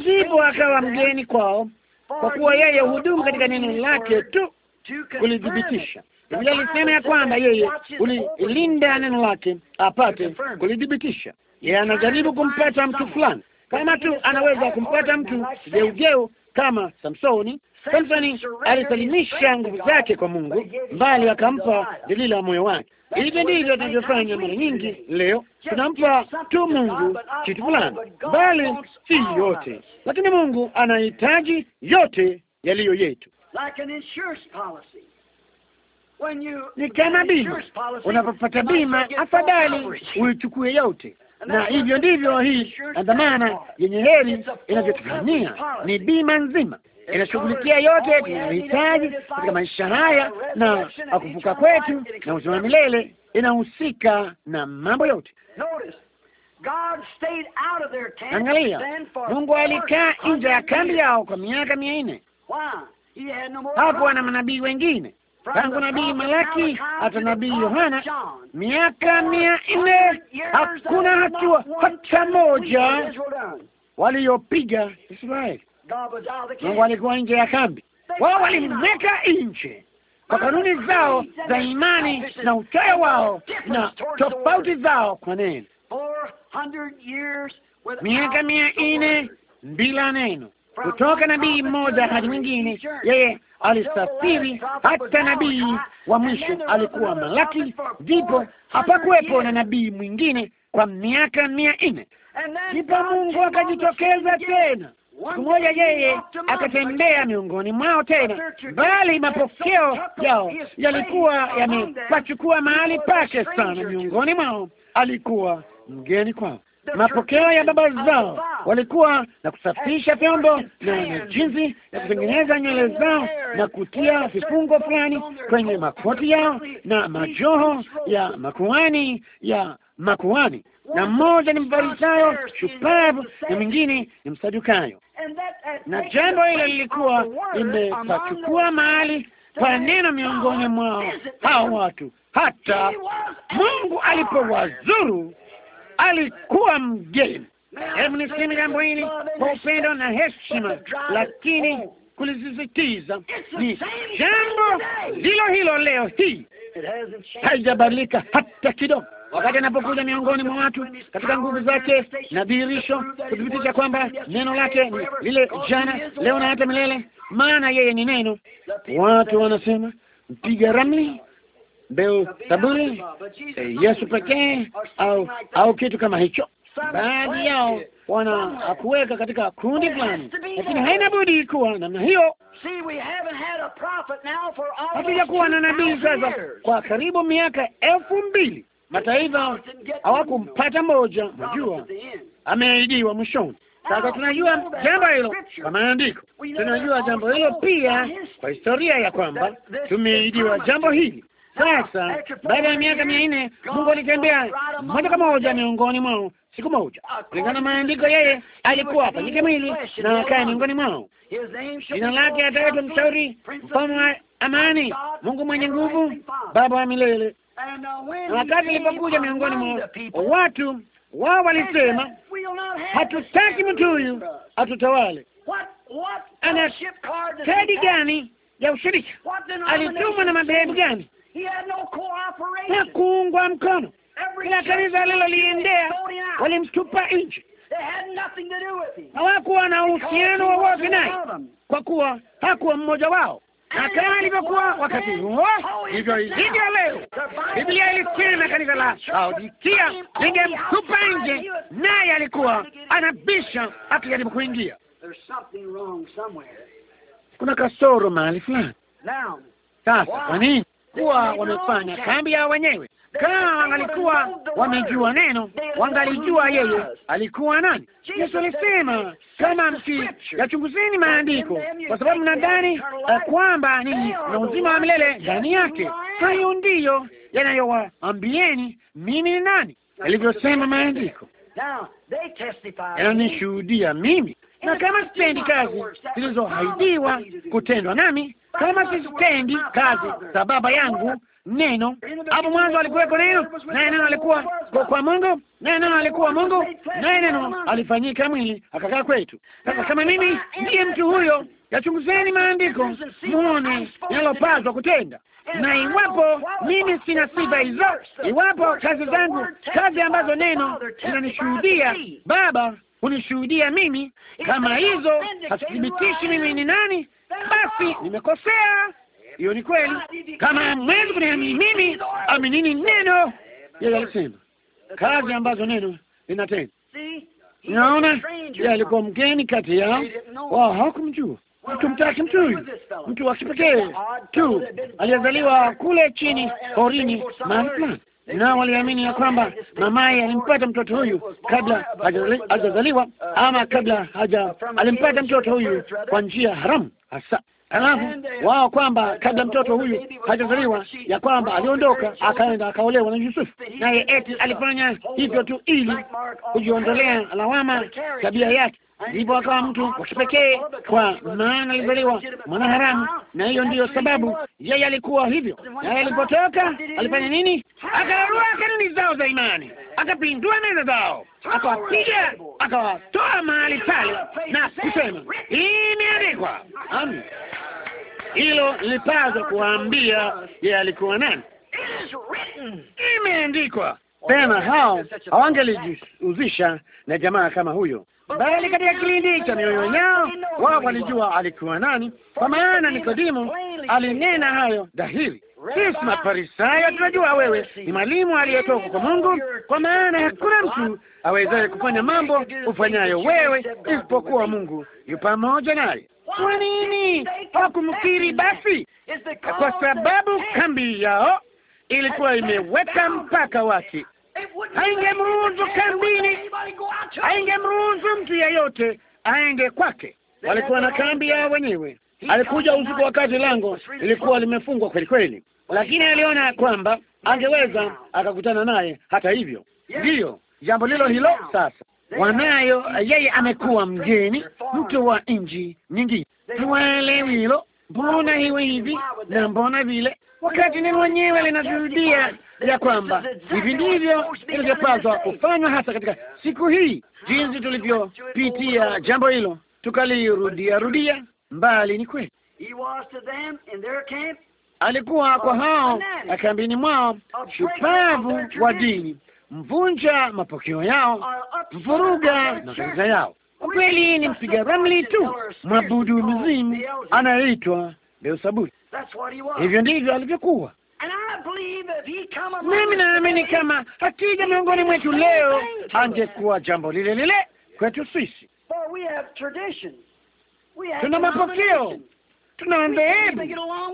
ndipo akawa mgeni kwao, kwa kuwa yeye hudumu katika neno lake tu kulithibitisha. Biblia alisema ya kwamba yeye ulilinda neno lake apate kulithibitisha. Yeye anajaribu kumpata mtu fulani, kama tu anaweza kumpata mtu geugeu kama Samsoni. Samsoni alisalimisha nguvu zake kwa Mungu, mbali akampa Delila moyo wake. Hivyo ndivyo tunavyofanya mara nyingi leo, tunampa tu Mungu kitu fulani, bali si yote, lakini Mungu anahitaji yote yaliyo yetu. Ni kama bima, unapopata bima afadhali uichukue yote, na hivyo ndivyo hii dhamana yenye heri inavyotufanyia, ni bima nzima inashughulikia yote tunayohitaji katika maisha haya na akuvuka kwetu na uzima milele. Inahusika na mambo yote. Angalia, Mungu alikaa nje ya kambi yao kwa miaka mia nne. Hakuwa na manabii wengine tangu nabii Malaki hata nabii Yohana, miaka mia nne. Hakuna hatua hata moja waliyopiga Israeli. Mungu alikuwa nje ya kambi, wao walimweka nje kwa kanuni zao za imani na uchayo wao na tofauti zao kwa neno. Miaka mia nne bila neno kutoka nabii mmoja hadi mwingine, yeye alisafiri hata nabii wa mwisho alikuwa Malaki, ndipo hapakuwepo na nabii mwingine kwa miaka mia nne. Ndipo Mungu akajitokeza tena Siku moja yeye akatembea miongoni mwao tena, bali mapokeo yao yalikuwa yamepachukua mahali pake sana miongoni mwao. Alikuwa mgeni kwao. Mapokeo ya baba zao walikuwa na kusafisha vyombo na, na jinsi ya kutengeneza nywele zao na kutia vifungo fulani kwenye makoti yao na majoho ya makuhani ya makuhani na mmoja ni Mfarisayo shupavu na mwingine ni Msadukayo, na jambo hilo lilikuwa limepachukua mahali kwa neno miongoni mwao hao watu. Hata Mungu alipowazuru alikuwa mgeni. Hebu niseme jambo hili kwa upendo na heshima, lakini kulisisitiza ni jambo lilo hilo leo hii haijabadilika hata kidogo. Wakati anapokuja miongoni mwa watu katika nguvu zake na dhihirisho kuthibitisha kwamba neno lake ni lile jana, leo na hata milele, maana yeye ni neno. Watu wanasema mpiga ramli, mbeu saburi, eh, Yesu pekee au au kitu kama hicho baadhi yao wana kuweka katika kundi fulani, lakini haina budi kuwa namna hiyo. Hatujakuwa na nabii sasa kwa karibu miaka elfu mbili. Mataifa hawakumpata moja, najua ameahidiwa mwishoni. Sasa tunajua jambo hilo kwa maandiko, tunajua jambo hilo pia kwa historia ya kwamba tumeahidiwa jambo hili sasa baada ya miaka mia nne Mungu alitembea moja kwa moja miongoni mwao siku moja, kulingana na maandiko. Yeye alikuwa afanyike mwili na akae miongoni mwao. Jina lake ataitwa Mshauri, Mfalme wa Amani, Mungu mwenye nguvu, Baba wa milele. Na wakati alipokuja miongoni mwao watu wao walisema, hatutaki mtu huyu atutawale. Ana kadi gani ya ushirika? Alitumwa na madhehebu gani? kuungwa mkono. Kila kanisa aliloliendea walimtupa nje, hawakuwa na uhusiano wowote naye, kwa kuwa hakuwa mmoja wao. Na kama ilivyokuwa wakati huo, hivyo hivyo leo Biblia ilisema kanisa la Laodikia lingemtupa nje, naye alikuwa anabisha akijaribu kuingia. Kuna kasoro mahali fulani. Sasa kwa nini? kuwa wamefanya kambi yao wenyewe. Kama wangalikuwa wamejua neno, wangalijua yeye alikuwa nani. Yesu alisema kama mki yachunguzeni maandiko, kwa sababu nadhani eh, kwamba ninyi na uzima wa milele ndani yake. Hayo ndiyo yanayowaambieni mimi ni nani, alivyosema maandiko yananishuhudia mimi na kama sitendi kazi zilizoahidiwa kutendwa nami, kama sizitendi kazi za baba yangu neno hapo mwanzo alikuweko neno, naye neno alikuwa kwa, Mungu, naye neno alikuwa Mungu, naye neno alifanyika mwili akakaa kwetu. Sasa kama mimi ndiye mtu huyo, yachunguzeni maandiko muone ninalopaswa kutenda, na iwapo mimi sina sifa hizo, iwapo kazi zangu, kazi ambazo neno zinanishuhudia Baba kunishuhudia mimi. Kama hizo hazithibitishi mimi ni nani, basi nimekosea. Hiyo ni kweli. Kama mwezi kuniamini mimi, aminini neno. Eh, yeye alisema kazi ambazo neno linatenda. Naona yeye alikuwa mgeni kati yao, wao hawakumjua mtu mtaki mtu huyu mtu wa kipekee tu aliyezaliwa kule chini porini mahali fulani na waliamini ya kwamba mamaye alimpata mtoto huyu kabla hajazaliwa, ama kabla haja alimpata mtoto huyu kwa njia haramu hasa alafu wao kwamba kabla mtoto huyu hajazaliwa, ya kwamba aliondoka akaenda akaolewa na Yusufu, naye eti alifanya hivyo tu ili kujiondolea lawama tabia yake ndipo akawa mtu wa kipekee, kwa maana alizaliwa haramu na hiyo ndiyo sababu yeye alikuwa hivyo. Naye alipotoka alifanya nini? Akararua kanuni zao za imani, akapindua meza zao, akawapiga, akawatoa mahali pale na kusema, hii imeandikwa. Amen. Hilo lilipaswa kuwaambia yeye alikuwa nani. Imeandikwa. tena hao hawangelijihusisha na jamaa kama huyo bali katika kilindi cha mioyo yao wao walijua alikuwa nani, kwa maana nikodimu alinena hayo dhahiri. Sisi Mafarisayo tunajua wewe ni mwalimu aliyetoka kwa Mungu, kwa maana hakuna mtu awezaye kufanya mambo ufanyayo wewe isipokuwa Mungu yu pamoja naye. Kwa nini hawakumkiri basi? Kwa sababu kambi yao ilikuwa imeweka mpaka wake haingemruhusu kambini, haingemruhusu mtu yeyote aende kwake. Walikuwa na kambi yao wenyewe. Alikuja usiku, wakati lango lilikuwa limefungwa kweli kweli, lakini aliona kwamba angeweza akakutana naye. Hata hivyo, ndiyo jambo lilo hilo sasa wanayo yeye amekuwa mgeni, mtu wa nchi nyingine. Tuwaelewi hilo, mbona hiwe hivi na mbona vile, wakati ni mwenyewe linashuhudia ya kwamba hivi ndivyo ilivyopaswa kufanywa hasa katika siku hii, jinsi tulivyopitia jambo hilo tukalirudia rudia. Mbali ni kweli alikuwa kwa hao na kambini mwao, shupavu wa dini, mvunja mapokeo yao, mvuruga makanisa yao. Kweli ni mpiga ramli tu, mwabudu mzimu anayeitwa Beelzebuli. Hivyo ndivyo alivyokuwa. Mimi naamini kama hakija miongoni mwetu leo, angekuwa jambo lile lile kwetu sisi. Tuna mapokeo, tuna dhehebu,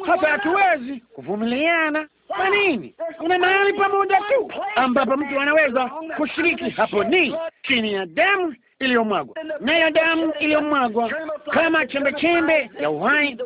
hata hatuwezi kuvumiliana. Kwa nini? Kuna mahali pamoja tu ambapo mtu anaweza kushiriki, hapo ni chini ya damu iliyomwagwa, nayo damu iliyomwagwa kama chembechembe ya uhai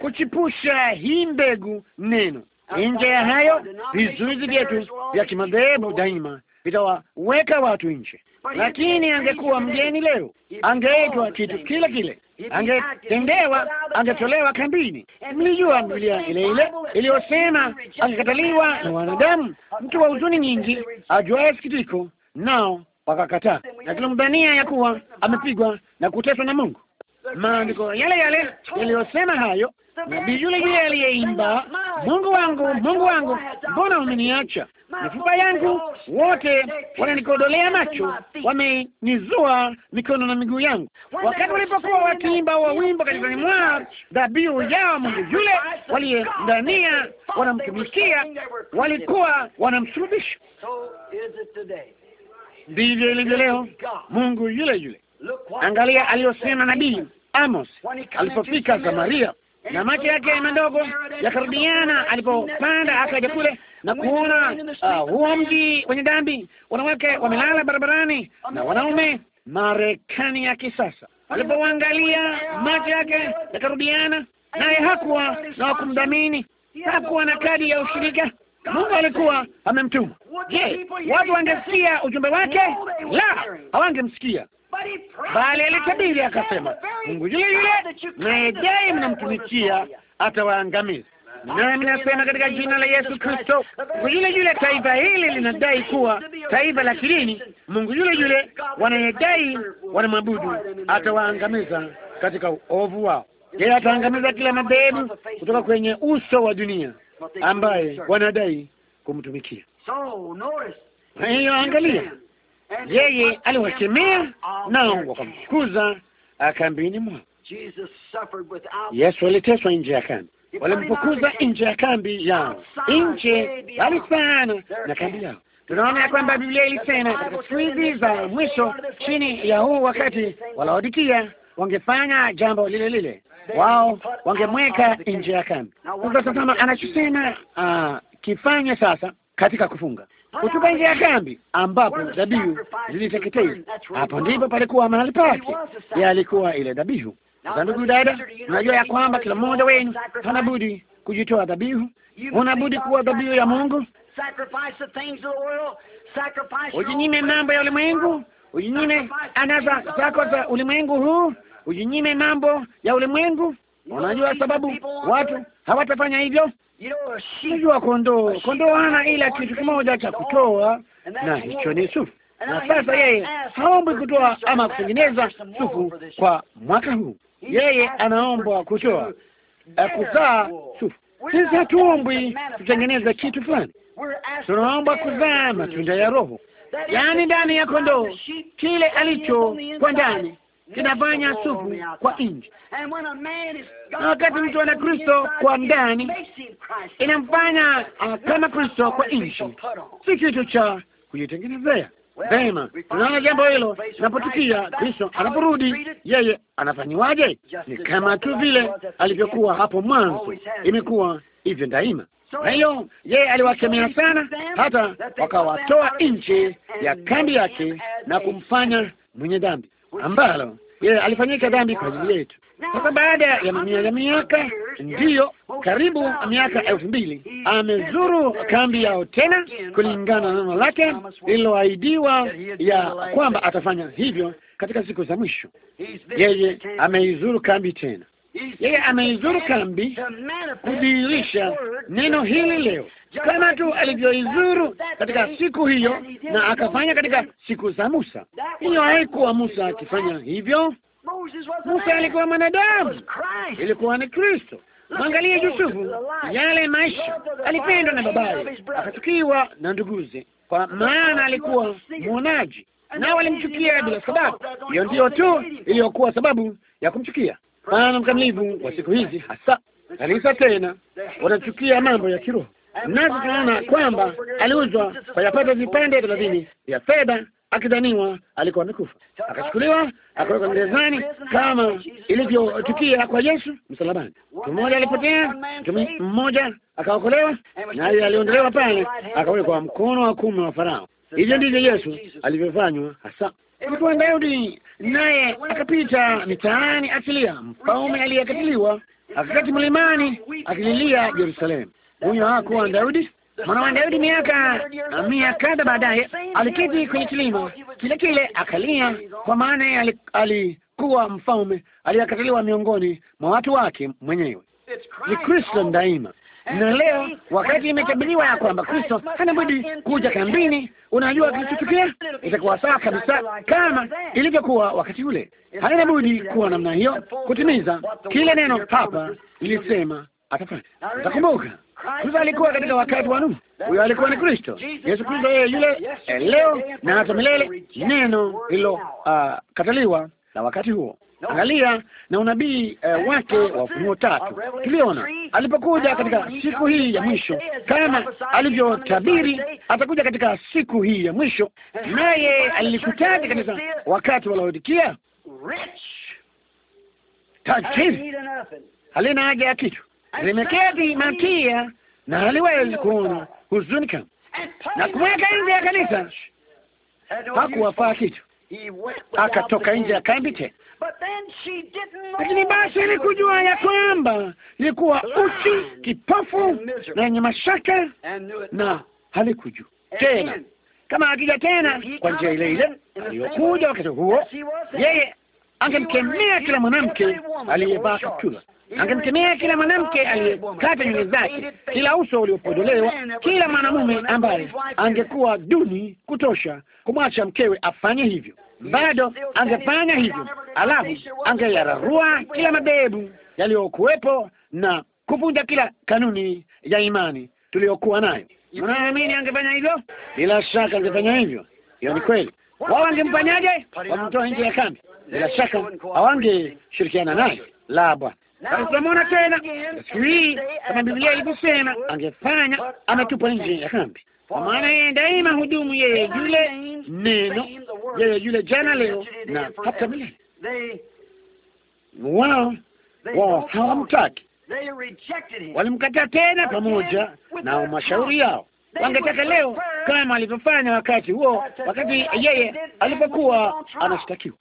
kuchipusha hii mbegu neno Nje ya hayo, vizuizi vyetu vya kimadhehebu daima vitawaweka watu nje. Lakini angekuwa mgeni leo, angeitwa kitu kile kile, angetendewa, angetolewa kambini. Mlijua Biblia ile ile iliyosema angekataliwa na wanadamu, mtu wa huzuni nyingi, ajuaye sikitiko, nao wakakataa, na tulimdhania ya kuwa amepigwa na kuteswa na Mungu. Maandiko yale yale yaliyosema hayo nabii yule yule aliyeimba, Mungu wangu, Mungu wangu, mbona umeniacha? Mifupa yangu wote wananikodolea macho, wamenizua mikono na miguu yangu. Wakati walipokuwa wakiimba wa wimbo katikani mwa dhabihu yao, Mungu yule waliyendania wanamtumikia, walikuwa wanamsulubisha. Ndivyo ilivyo leo, Mungu yule yule. Angalia aliyosema nabii Amos alipofika Samaria na macho yake madogo yakaribiana, alipopanda akaja kule na kuona uh, huo mji kwenye dambi, wanawake wamelala barabarani na wanaume, Marekani ya kisasa. Alipoangalia macho yake yakarudiana, naye hakuwa na wakumdhamini, hakuwa na kadi ya ushirika. Mungu alikuwa amemtuma. Je, watu wangesikia ujumbe wake? La, hawangemsikia bali alitabiri akasema, Mungu yule yule nayejaye mnamtumikia atawaangamiza. Nami nasema katika jina la Yesu Kristo, Mungu yule yule, taifa hili linadai kuwa taifa la kidini, Mungu yule yule wanayedai wanamwabudu atawaangamiza katika uovu wao. Yeye ataangamiza kila madhehebu kutoka kwenye uso wa dunia ambaye wanadai kumtumikia. Hiyo angalia yeye aliwakemea nao wakamfukuza kambini mwao. Yesu aliteswa nje ya kambi, walimfukuza nje ya kambi yao, nje bali sana na kambi yao. Tunaona ya kwamba Biblia ilisema katika siku hizi za mwisho, chini ya huu wakati, Walaodikia wangefanya jambo lile lile, wao wangemweka nje ya kambi. Sasa tazama anachosema uh, ah, kifanya sasa katika kufunga kutoka nje ya kambi ambapo dhabihu ziliteketezwa. Hapo ndipo palikuwa mahali pake, yalikuwa ile dhabihu. Sasa ndugu dada, unajua ya kwamba kila mmoja wenu hana budi kujitoa dhabihu, unabudi budi kuwa dhabihu ya Mungu. Ujinyime mambo ya ulimwengu, ujinyime anaza zako za ulimwengu huu, ujinyime mambo ya ulimwengu. Unajua sababu watu hawatafanya hivyo, Unajua kondoo kondoo hana ila kitu kimoja cha kutoa, na hicho ni sufu. Na sasa yeye haombi kutoa ama kutengeneza sufu kwa mwaka huu, yeye anaomba kutoa eh, kuzaa sufu. Sisi hatuombi kutengeneza kitu fulani, tunaomba kuzaa matunda ya Roho, yaani ndani ya kondoo kile alicho kwa ndani kinafanya oh, supu kwa nje, na wakati mtu ana Kristo kwa ndani inamfanya kama Kristo kwa nje, si kitu cha kujitengenezea. Vema, tunaona jambo hilo napotukia Kristo anaporudi, yeye anafanyiwaje? Ni kama tu vile alivyokuwa hapo mwanzo, imekuwa hivyo daima. Kwa hiyo yeye aliwakemea sana, hata wakawatoa nje ya kambi yake na kumfanya mwenye dhambi ambalo yeye alifanyika dhambi kwa ajili yetu. Sasa baada ya mamia ya miaka, ndiyo karibu miaka elfu mbili, amezuru kambi yao tena, kulingana na neno lake lililoahidiwa ya kwamba atafanya hivyo katika siku za mwisho. Yeye ameizuru kambi tena yeye ameizuru kambi kudhihirisha neno hili leo, kama tu alivyoizuru katika siku hiyo, na akafanya katika siku za Musa. Hiyo haikuwa Musa akifanya hivyo. Musa alikuwa mwanadamu, ilikuwa ni Kristo. Mwangalie Yusufu, yale maisha, alipendwa na babaye, akachukiwa na nduguze, kwa maana alikuwa mwonaji, na walimchukia bila sababu. Hiyo ndiyo tu iliyokuwa sababu ya kumchukia sana mkamilifu wa siku hizi, hasa kanisa tena watachukia mambo ya kiroho, nazo tunaona kwamba aliuzwa kwa yapata vipande thelathini vya fedha akidhaniwa alikuwa amekufa, akachukuliwa akawekwa gerezani kama ilivyotukia kwa Yesu msalabani. Mtu mmoja alipotea, mtu mmoja akaokolewa, naye aliondolewa pale akawekwa mkono wa kume wa Farao. Hivyo ndivyo Yesu alivyofanywa hasa ilikuwa Daudi, naye akapita mitaani akilia, mfalme aliyekatiliwa, akakati mlimani akililia Yerusalemu. Huyo hakuwa Daudi. Mwana wa Daudi miaka mia kadha baadaye aliketi kwenye kilima kile kile akalia, kwa maana alikuwa mfalme aliyekatiliwa miongoni mwa watu wake mwenyewe. Ni Kristo daima na leo wakati imetabiriwa ya kwamba Kristo hana budi kuja kambini, unajua kilichotukia itakuwa sawa kabisa kama ilivyokuwa wakati ule. Haina budi kuwa namna hiyo, kutimiza kile neno hapa lilisema atafanya. Utakumbuka Kristo alikuwa katika wakati wa Nuhu, huyo alikuwa ni Kristo Yesu Kristo, yeye yule eh, leo na hata milele, neno ah, kataliwa na wakati huo Angalia na unabii uh, wake wa Ufunuo tatu. Tuliona alipokuja katika siku hii ya mwisho, kama alivyotabiri atakuja katika siku hii ya mwisho, naye alikutaja kabisa wakati wa Laodikia, tajiri halina haja ya kitu, limeketi matia na haliwezi kuona huzuni na kumweka nje ya kanisa, hakuwafaa kitu, akatoka nje ya kambi tena lakini basi ilikujua ya kwamba ilikuwa uchi, kipofu na yenye mashaka, na halikujua tena kama akija tena kwa njia ile ile aliyokuja wakati huo, yeye angemkemea kila mwanamke aliyevaa kaptula, angemkemea kila mwanamke aliyekata nywele zake, kila uso uliopodolewa, kila mwanamume ambaye angekuwa duni kutosha kumwacha mkewe afanye hivyo bado angefanya hivyo, alafu angeyararua kila mabebu yaliyokuwepo na kuvunja kila kanuni ya imani tuliyokuwa nayo. Mnaamini angefanya hivyo? Bila shaka angefanya hivyo. Hiyo ni kweli. Wao wangemfanyaje? Wamemtoa nje ya kambi. Bila shaka hawangeshirikiana naye, la bwana. Tunamwona tena siku hii, kama Biblia ilivyosema, angefanya ametupa nje ya kambi kwa maana yeye daima hudumu, yeye yule neno, yeye yule jana, leo na hata milele. Wao wao hawamtaki, walimkataa tena, pamoja na mashauri yao. Wangetaka leo kama alivyofanya wakati huo, wakati yeye alipokuwa anashtakiwa.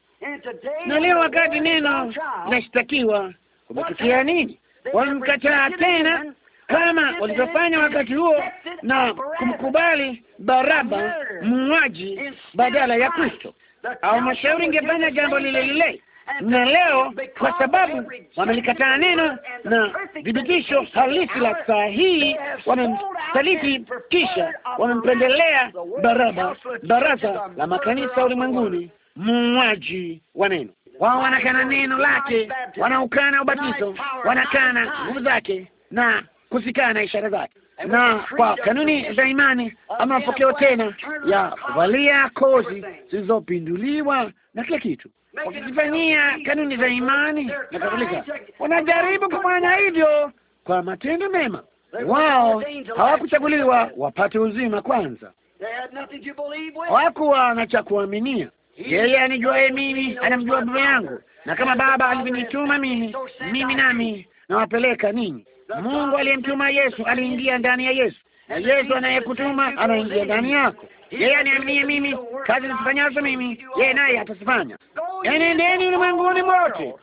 Na leo wakati neno linashtakiwa, kumetukia nini? Walimkataa tena kama walivyofanya wakati huo na kumkubali Baraba muuaji badala ya Kristo. au mashauri ingefanya jambo lile lile na leo, kwa sababu wamelikataa neno na dhibitisho halisi la saa hii, wamemsaliti kisha wamempendelea Baraba, baraza la makanisa ulimwenguni, muuaji wa neno wao wanakana neno lake, wanaukana ubatizo, wanakana nguvu zake na kusikana na ishara zake, na kwa kanuni za imani ama mapokeo tena ya kuvalia kozi zilizopinduliwa na kila kitu, wakizifanyia kanuni za imani na kadhalika. Wanajaribu kufanya hivyo kwa matendo mema. Wao hawakuchaguliwa wapate uzima kwanza, hawakuwa na cha kuaminia. Yeye anijuaye mimi anamjua Baba yangu, na kama Baba alivyonituma mimi, mimi nami nawapeleka ninyi. Mungu aliyemtuma Yesu aliingia ndani ya Yesu, na Yesu anayekutuma anaingia ndani yako. Yeye aniaminie mimi, kazi nazifanyazo mimi, yeye naye atazifanya. Enendeni ulimwenguni mote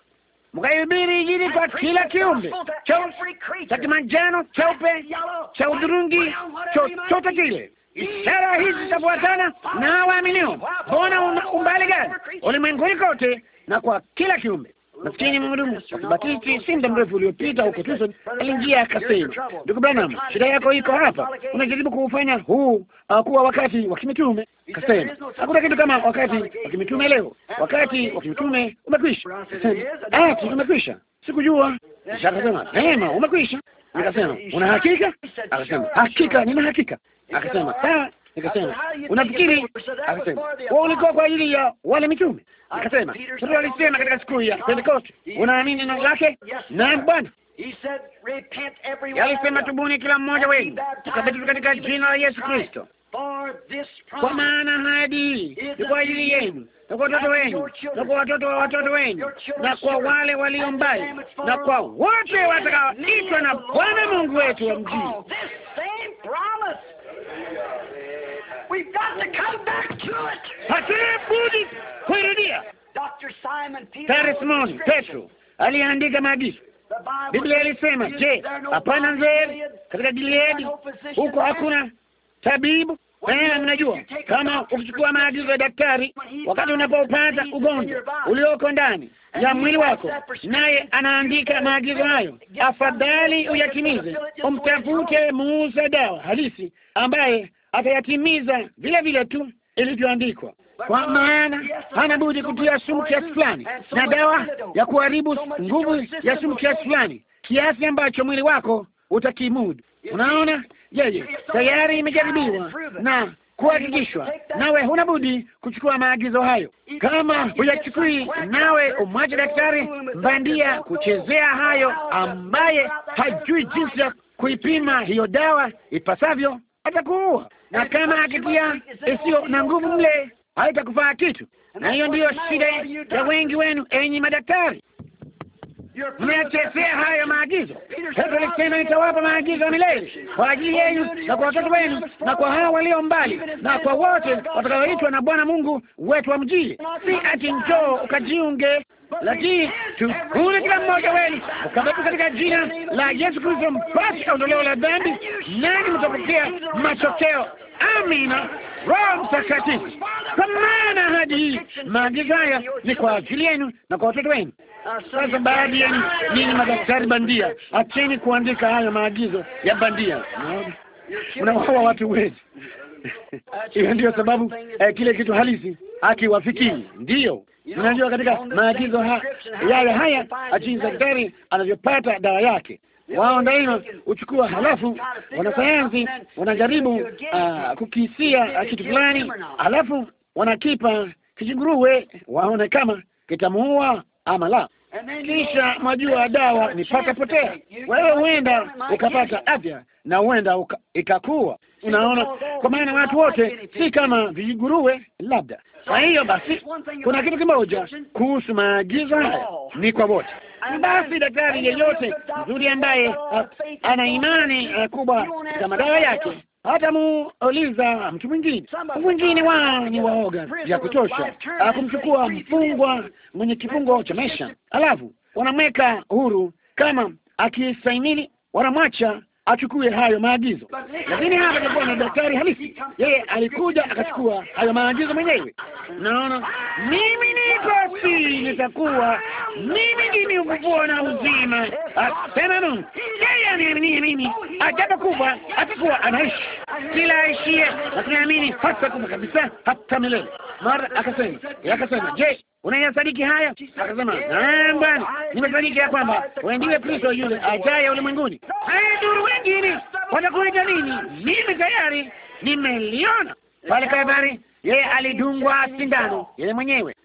mkaihubiri Injili kwa kila kiumbe, cha kimanjano, cheupe, cha udhurungi, chochote kile. Ishara hizi zitafuatana na waaminio. Mbona umbali gani? Ulimwenguni kote na kwa kila kiumbe. Maskini mhudumu Batisti si muda mrefu uliopita huko Tucson aliingia akasema, ndugu Branham, shida yako iko hapa, unajaribu kuufanya huu uh, kuwa wakati wa kimitume. Kasema hakuna kitu kama wakati wa kimitume leo, wakati wa kimitume umekwisha. Ati umekwisha? Sikujua. Kisha akasema vema, umekwisha. Nikasema una hakika? Akasema hakika, nina hakika. Akasema sawa Nikasema, unafikiri? Akasema, wewe ulikuwa kwa ajili ya wale mitume. Nikasema, Petro alisema katika siku ya Pentekoste, unaamini neno lake? Naam Bwana. Alisema, tubuni kila mmoja wenu mkabatizwe katika jina la Yesu Kristo, kwa maana hadi ni kwa ajili yenu na kwa watoto wenu na kwa watoto wa watoto wenu na kwa wale walio mbali na kwa wote watakaoitwa na Bwana Mungu wetu wa mjini hatuna budi kuirudia. Daktari Simon Petro aliandika maagizo. Biblia ilisema, je, hapana nzeri katika Gileadi? Huko hakuna tabibu. Naye eh, mnajua kama ukichukua maagizo ya daktari, wakati unapopata ugonjwa ulioko ndani ya mwili wako, naye anaandika maagizo hayo, afadhali uyatimize, umtafute muuza dawa halisi ambaye atayatimiza vile vile tu ilivyoandikwa, kwa maana hana budi kutia sumu kiasi fulani na dawa ya kuharibu nguvu ya sumu kiasi fulani, kiasi ambacho mwili wako utakimudu. Unaona, yeye tayari imejaribiwa na kuhakikishwa, nawe huna budi kuchukua maagizo hayo. Kama huyachukui, nawe umwache daktari bandia kuchezea hayo, ambaye hajui jinsi ya kuipima hiyo dawa ipasavyo atakuua, na kama akitia isiyo na nguvu mle haitakufaa kitu. Na hiyo ndiyo shida ya wengi wenu, enyi madaktari, mnachezea haya maagizo. Petro alisema, nitawapa maagizo ya milele kwa ajili yenu na kwa watoto wenu na kwa hawa walio mbali na kwa wote watakaoitwa na Bwana Mungu wetu wa Si ati njoo ukajiunge, lakini tuune kila mmoja wenu ukabatizo katika jina la Yesu Kristo mpate ondoleo la dhambi, nani mtapokea matokeo. Amina. Roho Mtakatifu, kwa maana hadi hii, maagizo haya ni kwa ajili yenu na kwa watoto wenu. Sasa baadhi yenu ninyi madaktari bandia, acheni kuandika hayo maagizo ya bandia, unawaua watu wengi. Hiyo ndiyo sababu eh, kile kitu halisi akiwafikii. Ndiyo, unajua katika maagizo yale haya, ajini daktari anavyopata dawa yake wao ndio huchukua, halafu wanasayansi wanajaribu uh, kukisia kitu fulani, halafu wanakipa kijinguruwe, waone kama kitamuua ama la. Kisha majua dawa ni paka potea. Wewe huenda ukapata afya na huenda ikakuwa, unaona, kwa maana watu wote si kama vijinguruwe labda. Kwa hiyo basi, kuna kitu kimoja kuhusu maagizo haya, ni kwa wote ni basi, daktari yeyote mzuri ambaye eh, ana imani eh, kubwa za madawa yake hata muuliza mtu mwingine. mwingine wao ni waoga vya kutosha ah, kumchukua mfungwa mwenye kifungo cha maisha, alafu wanamweka huru kama akisainini, wanamwacha achukue hayo maagizo, lakini hapa kulikuwa na daktari halisi. Yeye alikuja akachukua hayo maagizo mwenyewe. Naona mimi ni basi, nitakuwa mimi ndimi ufufuo na uzima, ah, tena Mungu. Yeye aniaminie mimi, ajapokufa ah, atakuwa anaishi kila aishie na tunaamini hata kuma kabisa hata milele. Mara akasema akasema, je, unayasadiki haya? Akasema, naam Bwana, nimesadiki ya kwamba wewe ndiwe Kristo yule ajaye ulimwenguni. Haya, wengine watakuja nini? Mimi tayari nimeliona pale Kalvari, yeye alidungwa sindano yeye mwenyewe,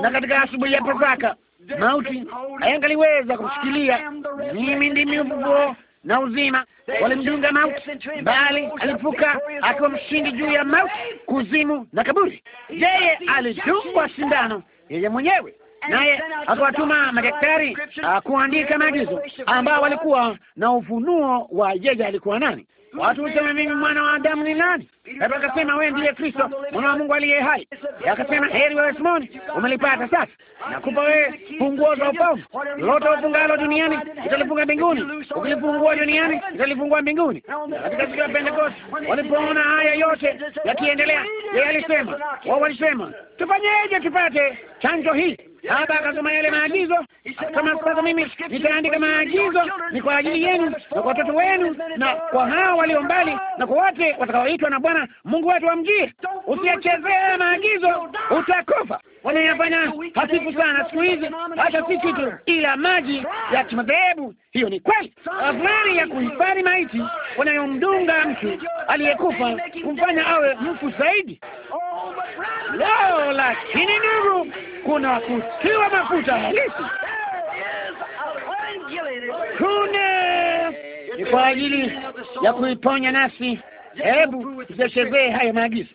na katika asubuhi ya Pasaka mauti hayangaliweza kumshikilia. Mimi ndimi ufufuo na uzima, walimdunga mauti, bali alifuka akiwa mshindi juu ya mauti, kuzimu na kaburi. Yeye alidungwa sindano yeye mwenyewe, naye akawatuma madaktari ah, kuandika maagizo, ambao walikuwa na ufunuo wa yeye alikuwa nani. Watu husema mimi mwana wa Adamu ni nani? Petro akasema wewe ndiye Kristo mwana wa Mungu aliye hai. Akasema heri wewe Simoni, umelipata sasa, nakupa wewe funguo za upofu. Lolote ufungalo duniani utalifunga mbinguni, ukilifungua duniani utalifungua mbinguni. Katika siku ya Pentekoste walipoona haya yote yakiendelea, yeye alisema, wao walisema tufanyeje tupate chanjo hii? Baba akasoma yale maagizo, kama sasa mimi nitaandika maagizo ni kwa ajili yenu na kwa watoto wenu na kwa hao walio mbali na kwa wote watakaoitwa na Bwana Mungu wetu wa Usiyechezea maagizo, utakufa wanayafanya hasifu sana siku hizi, hata si kitu ila maji ya kimadhehebu. Hiyo ni kweli, afari ya kuhifadhi maiti wanayomdunga mtu aliyekufa kumfanya awe mfu zaidi. Oh, Lao, lakini, ndugu, kuna kutiwa mafuta halisi kuna ni kwa ajili ya kuiponya nafsi. Hebu tusichezee haya maagizo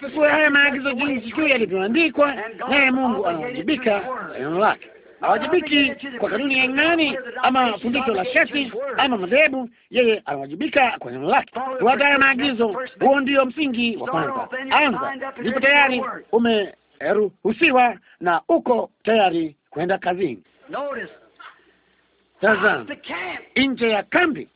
chukua maagizo jinsi tu yalivyoandikwa, naye Mungu anawajibika neno lake. Hawajibiki kwa kanuni ya imani ama fundisho la shati ama madhehebu. Yeye anawajibika kwa neno lake. Fuata haya maagizo, huo ndio msingi wa kwanza. Anza, ndipo tayari umeruhusiwa na uko tayari kwenda kazini. Tazama nje ya kambi,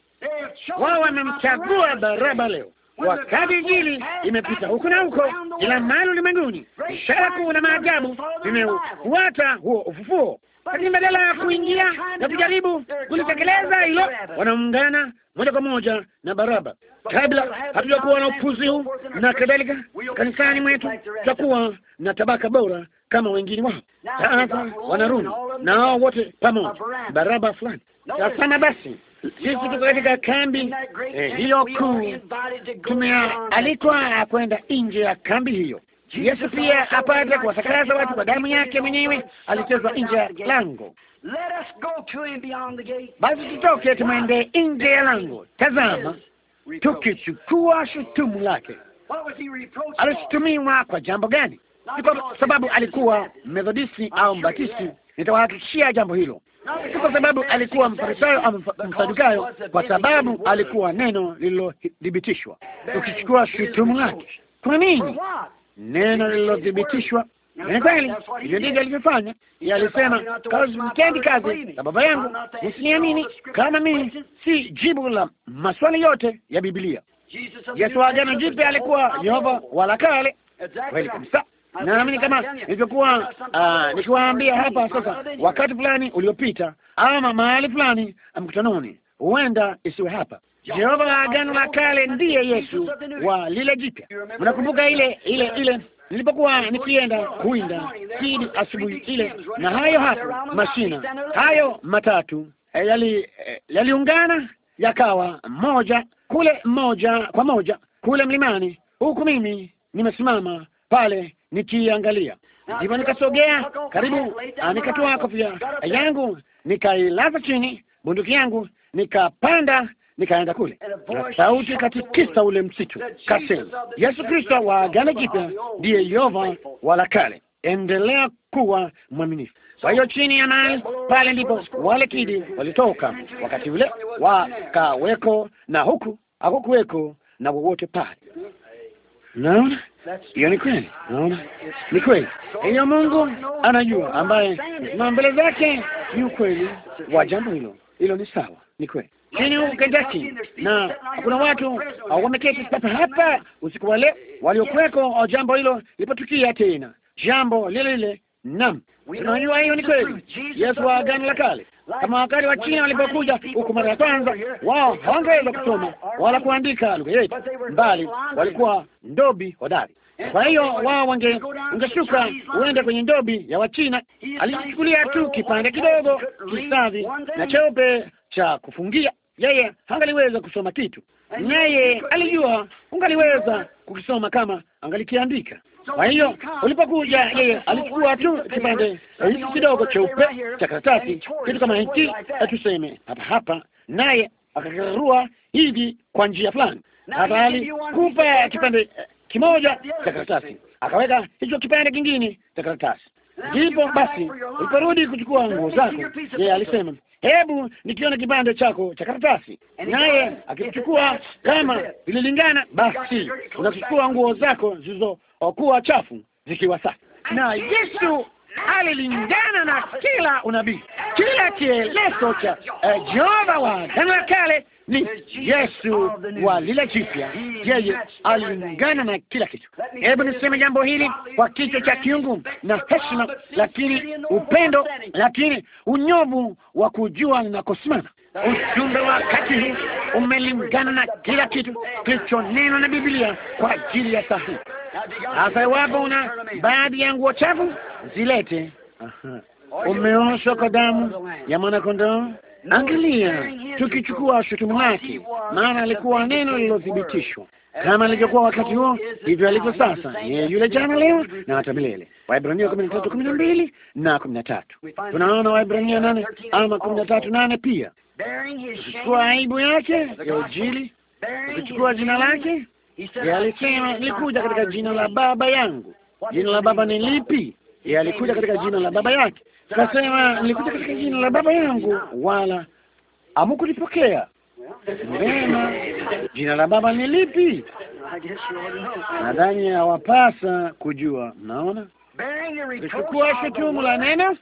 wao wamemchagua Baraba leo wakati Injili imepita huko na huko ila mali ulimwenguni, ishara kuu na maajabu vimefuata huo ufufuo. Lakini badala ya kuingia na kujaribu kulitekeleza hilo, wanaungana moja kwa moja na Baraba. Kabla hatujakuwa na upuzi huu na kadhalika kanisani mwetu, tutakuwa na tabaka bora kama wengine wao. Sasa wanarudi na wao wote pamoja, Baraba fulani. Tazama basi sisi tuko katika kambi eh, hiyo kuu. Tumealikwa kwenda nje ya kambi hiyo. Yesu pia apate kuwatakasa watu kwa damu yake mwenyewe, alichezwa nje ya lango. Basi tutoke, tumwende nje ya lango. Tazama, tukichukua shutumu lake. Alishutumiwa kwa jambo gani? si kwa sababu alikuwa Methodisti au Mbatisti. Nitawahakikishia jambo hilo si kwa sababu alikuwa mfarisayo au msadukayo, kwa sababu alikuwa neno lililothibitishwa. Ukichukua shutumu lake, kwa nini? Neno lililothibitishwa ni kweli, hivyo ndivyo alivyofanya. Yeye alisema mtendi kazi na baba yangu, msiniamini kama mimi si jibu la maswali yote ya Biblia. Yesu wa Agano Jipya alikuwa Yehova wala kale, kweli kabisa naamini kama nilivyokuwa uh, ah, nikiwaambia hapa sasa, wakati fulani uliopita, ama mahali fulani mkutanoni, huenda isiwe hapa. Jehova wa Agano la Kale ndiye Yesu wa lile Jipya. Unakumbuka ile ile ile nilipokuwa nikienda kuinda kidi asubuhi ile, na hayo hapo mashina hayo matatu eh, yali eh, yaliungana yakawa moja kule, moja kwa moja kule mlimani, huku mimi nimesimama pale nikiangalia, ndipo nikasogea karibu, ah, nikatoa kofia yangu, nikailaza chini, bunduki yangu nikapanda nikaenda kule, na sauti katikisa ule msitu kasema, Yesu Kristo wa Agano Jipya ndiye Yehova wala kale, endelea kuwa mwaminifu. Kwa hiyo chini ya nani pale ndipo wale kidi walitoka, wakati ule wakaweko na huku hakukuweko na wowote pale, naona hiyo ni kweli, naona ni kweli hiyo. Mungu anajua ambaye na mbele zake ni ukweli wa jambo hilo. Hilo ni sawa, ni kweli chini huku Kentucky, na kuna watu wameketi hapa hapa usiku wale waliokuweko jambo hilo lipotukia tena, jambo lile lile. Naam, tunajua hiyo ni kweli. Yesu wa Agano la Kale, kama wakati wa China walipokuja huku mara ya kwanza, wao hawangeweza kusoma wala kuandika lugha yetu, bali walikuwa ndobi hodari. Kwa hiyo wao wange- ungeshuka uende kwenye ndobi ya Wachina. Alichukulia tu kipande kidogo kisavi na cheupe cha kufungia yeye hangaliweza kusoma kitu, naye alijua ungaliweza kukisoma kama angalikiandika. Kwa hiyo ulipokuja yeye alikuwa tu kipande eh, hisi kidogo cheupe cha karatasi, kitu kama hiki, eh, atuseme hapa hapa, naye akakarua hivi kwa njia fulani, hata alikupa kipande eh, kimoja cha karatasi, akaweka hicho kipande kingine cha karatasi Ndipo basi uliporudi kuchukua nguo zako, yeye alisema, hebu nikiona kipande chako cha karatasi, naye akichukua kama vililingana, basi unachukua nguo zako zilizokuwa chafu zikiwa safi. Na Yesu alilingana na kila unabii, kila kielezo cha eh, Jehova wa Agano la Kale ni Yesu wa lile jipya. Yeye alilingana na kila kitu. Hebu niseme jambo hili kwa kichwa cha kiungu na heshima, lakini upendo, lakini unyovu wa kujua ninakosimama. Ujumbe wa wakati huu umelingana na kila kitu kilichonenwa na Biblia kwa ajili ya sahihi. Sasa iwapo una baadhi ya nguo chafu, zilete. Umeoshwa kwa damu ya mwanakondoo Angalia, tukichukua shutumu lake, maana alikuwa neno lililothibitishwa. Kama alivyokuwa wakati huo, hivyo alivyo sasa, ni yule jana, leo na hata milele. Waebrania kumi na tatu kumi na mbili na kumi na tatu tunaona Waebrania nane ama kumi na tatu nane pia tukichukua aibu yake ya ujili, tukichukua jina lake, yeye alisema nilikuja katika jina la baba yangu. Jina la baba ni lipi? Yeye alikuja katika jina la baba yake. Nasema nilikuja katika jina la Baba yangu, wala amukulipokea. Vema, jina la Baba ni lipi? Nadhani hawapasa kujua. Mnaona, lichukua shutumu la neno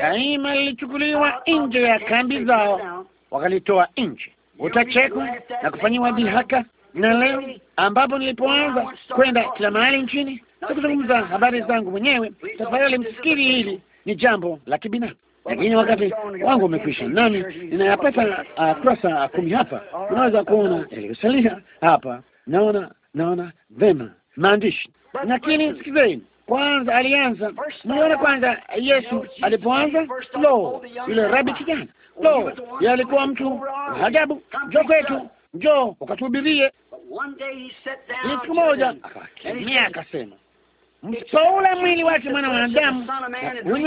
daima lilichukuliwa nje ya kambi zao, wakalitoa nje. Utachekwa na kufanyiwa dhihaka. Na leo ambapo nilipoanza kwenda kila mahali nchini sikuzungumza habari zangu mwenyewe. Tafadhali msikiri hili ni jambo la kibinafsi, lakini wakati wangu umekwisha, nami ninayapata uh, kurasa kumi hapa. Unaweza kuona yaliyosalia hapa, naona naona vema maandishi, lakini sikizeni kwanza. Alianza niliona kwanza, Yesu alipoanza, lo, yule rabi kijana, lo, yeye alikuwa mtu wa ajabu. njo kwetu, njo ukatuhubirie. Siku moja akakemea akasema msitoule mwili wake mwana wa Adamu,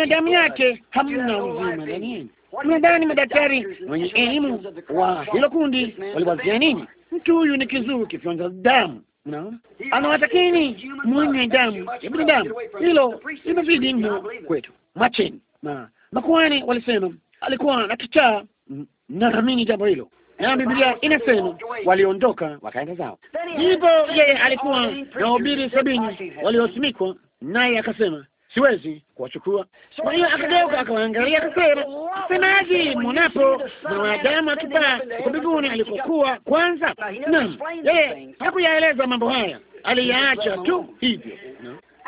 damu yake hamna uzima ndani yenu. Nadhani madaktari wenye elimu wa hilo kundi waliwazia nini? Mtu huyu ni kizuu, kifyonza damu. Mnaona, anawatakini mwenye damu ya binadamu. Hilo limezidi mno kwetu. Macheni makuhani walisema alikuwa na kichaa. Naamini jambo hilo na Biblia inasema waliondoka wakaenda zao. Ndipo yeye alikuwa na wahubiri sabini waliosimikwa, naye akasema siwezi kuwachukua. Kwa hiyo akageuka akawaangalia, akasema msemaji, mwonapo mwanadamu akipaa kwa mbinguni alikokuwa kwanza. Naam, yeye hakuyaeleza mambo haya, aliyaacha tu hivyo.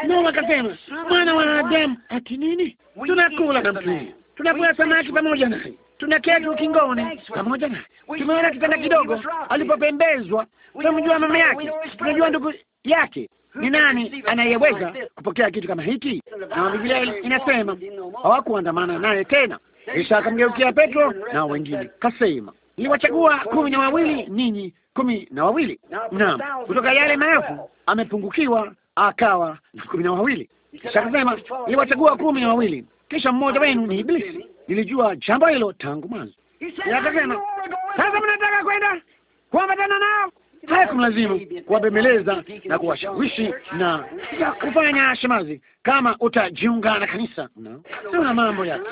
No, wakasema mwana wa Adamu ati nini? Tunakula na mtui, tunakula samaki pamoja naye tunaketi ukingoni pamoja na tumeona kitanda kidogo alipopembezwa. Tunamjua mama yake, tunajua ndugu yake. Ni nani anayeweza kupokea kitu kama hiki? Na Biblia inasema hawakuandamana naye tena. Kisha akamgeukia Petro na wengine kasema, niliwachagua kumi na wawili, ninyi kumi na wawili. Naam, kutoka yale maelfu amepungukiwa akawa na kumi na wawili. Kisha akasema, niliwachagua kumi na wawili, kisha mmoja wenu ni Ibilisi nilijua jambo hilo tangu mwanzo. Yakasema, sasa mnataka kwenda kuambatana nao? Haikumlazimu kuwabembeleza na kuwashawishi na kufanya shemazi kama utajiunga na kanisa. Sio na mambo yake,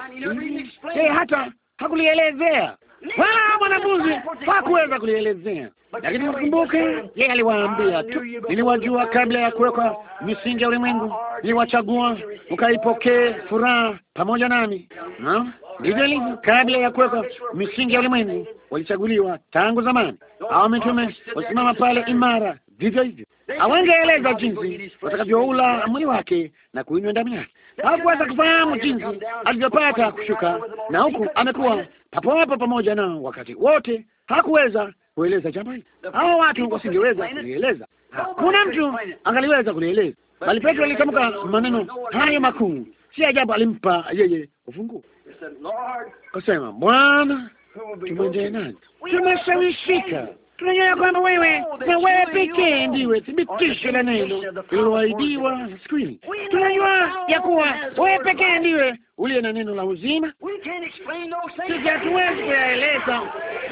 hata hakulielezea wala mwanafunzi hakuweza kulielezea, lakini mkumbuke, yeye aliwaambia tu, niliwajua kabla ya kuwekwa misingi ya ulimwengu, niliwachagua mkaipokee furaha pamoja nami. Ndivyo ilivyo, kabla ya kuwekwa misingi ya ulimwengu walichaguliwa tangu zamani. Hao mitume wasimama pale imara, vivyo hivyo hawangeeleza jinsi watakavyoula mwili wake na kuinywa damu yake. Hakuweza kufahamu jinsi alivyopata kushuka, na huku amekuwa hapo hapo pamoja nao wakati wote. Hakuweza kueleza jambo hili, hao watu wasingeweza kulieleza, hakuna mtu angaliweza kulieleza, bali Petro alitamka maneno hayo makuu. Si ajabu alimpa yeye ufunguo, kasema, Bwana, tumwendee nani? Tumeshawishika tunajua kwamba wewe oh, na wewe pekee ndiwe thibitisho la neno lililoahidiwa siku hii. Tunajua ya kuwa wewe pekee ndiwe uliye na neno la uzima. Sisi hatuwezi kuyaeleza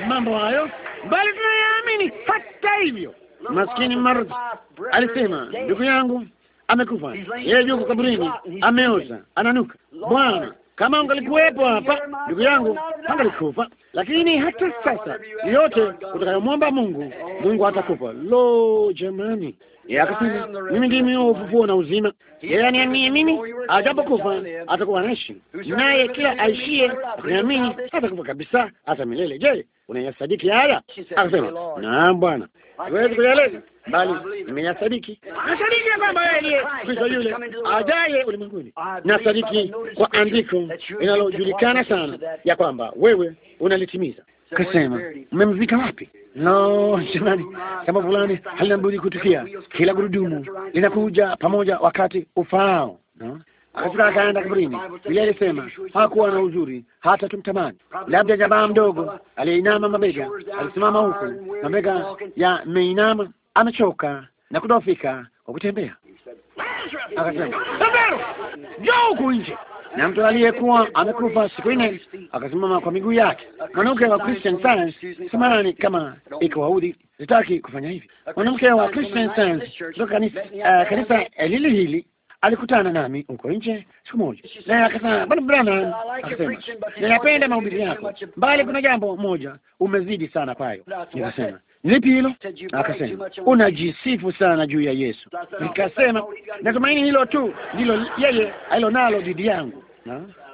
mambo hayo, bali tunayaamini. Hata hivyo, maskini Martha alisema, ndugu yangu amekufa, yeye yuko kaburini, ameoza, ananuka. Bwana kama ungalikuwepo hapa ndugu yangu, angalikufa. Lakini hata sasa, yote utakayomwomba Mungu, Mungu atakupa. Lo, jamani! Akasema, mimi ndimi ufufuo na uzima, yeye aniamini mimi, ajapokufa atakuwa naishi naye kila aishie niamini hatakufa kabisa, hata milele. Je, unayasadiki haya? Akasema, naam Bwana. Siwezi kueleza bali ninasadiki, nasadiki ya kwamba yeye ndiye Kristo yule ajaye ulimwenguni. Nasadiki kwa andiko linalojulikana sana ya kwamba wewe unalitimiza. Kasema, mmemzika wapi? No jamani, jambo fulani halina budi kutukia. Kila gurudumu linakuja pamoja wakati ufaao. No? Akafika akaenda kaburini. Biblia ilisema hakuwa na uzuri hata tumtamani. Labda jamaa mdogo aliyeinama mabega, alisimama huku mabega ya meinama amechoka na kudhoofika kwa kutembea. Akasema, njoo huku nje, na mtu aliyekuwa amekufa siku nne akasimama kwa miguu yake. Mwanamke wa Christian Science, samahani kama ikawaudhi, sitaki kufanya hivi. Mwanamke wa Christian Science kutoka kanisa, eh, kanisa eh, lili hili alikutana nami huko nje siku moja, naye akasema, bwana Branham, akasema ninapenda mahubiri yako, mbali kuna jambo moja umezidi sana kwayo. Nikasema Lipi hilo? Akasema unajisifu sana juu ya Yesu. Nikasema natumaini hilo tu ndilo yeye alilonalo dhidi yangu.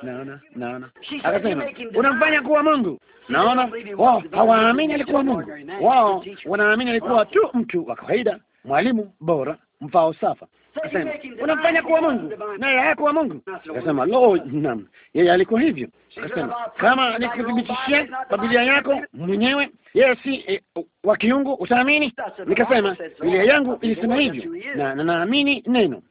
Naona, naona. Akasema unamfanya kuwa Mungu. Naona wao hawaamini alikuwa Mungu, wao wanaamini alikuwa tu mtu wa kawaida, mwalimu bora, mfalsafa. Akasema unamfanya kuwa Mungu, naye hayakuwa Mungu. Akasema lo, naam, yeye alikuwa hivyo. Asema kama nikithibitishia Biblia yako mwenyewe, yeye si eh, wa kiungu, utaamini? Nikasema Biblia yangu ilisema hivyo na naamini neno,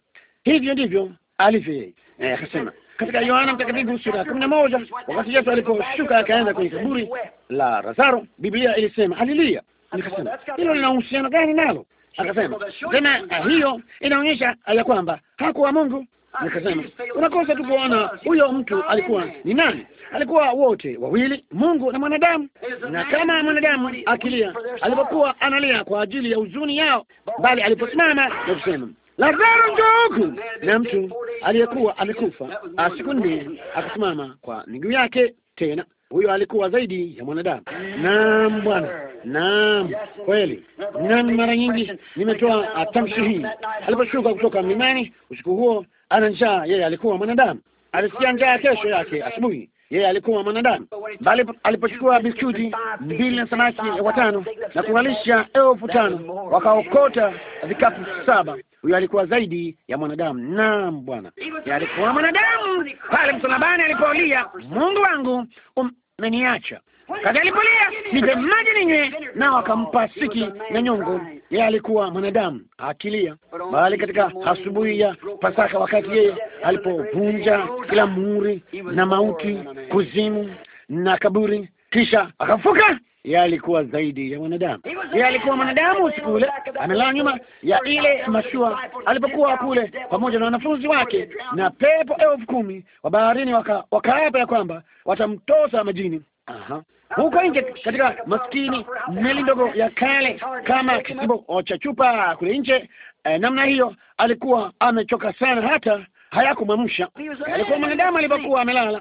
hivyo ndivyo alivyo yeye. Eh, Akasema katika Yohana Mtakatifu sura ya kumi na moja wakati Yesu aliposhuka akaenda kwenye kaburi la Lazaro, Biblia ilisema alilia. Nikasema hilo lina uhusiano gani nalo? Akasema tena eh, hiyo inaonyesha ya kwamba hakuwa Mungu nikasema, unakosa tu kuona huyo mtu alikuwa ni nani. Alikuwa wote wawili, Mungu na mwanadamu, na kama mwanadamu akilia, alipokuwa analia kwa ajili ya huzuni yao, bali aliposimama na kusema Lazaro njoo huku, na mtu aliyekuwa amekufa siku nne akasimama kwa miguu yake tena. Huyo alikuwa zaidi ya mwanadamu. Naam Bwana, naam kweli. Nami mara nyingi nimetoa tamshi hii aliposhuka kutoka mlimani usiku huo ana njaa, yeye alikuwa mwanadamu. Alisikia njaa kesho yake asubuhi, yeye alikuwa mwanadamu, bali alipochukua biskuti mbili na samaki watano na kuhalisha elfu tano wakaokota vikapu saba, huyo alikuwa zaidi ya mwanadamu. Naam Bwana, yeye alikuwa mwanadamu pale msalabani alipoulia, Mungu wangu umeniacha Akalipolia nipe maji ninywe, nao akampa siki na nyongo. Yeye alikuwa mwanadamu akilia, bali katika asubuhi ya Pasaka, wakati yeye alipovunja kila muhuri na mauti, kuzimu na kaburi, kisha akafuka yeye alikuwa zaidi ya mwanadamu. Yeye alikuwa mwanadamu usiku ule, amelala nyuma ya ile mashua alipokuwa kule pamoja na wanafunzi wake, na pepo elfu kumi wa baharini wakaapa waka ya kwamba watamtosa majini. Aha huko nje katika maskini meli ndogo ya kale kama kisibo oh, cha chupa kule nje eh, namna hiyo. Alikuwa amechoka sana, hata hayakumwamsha. Alikuwa mwanadamu alipokuwa amelala,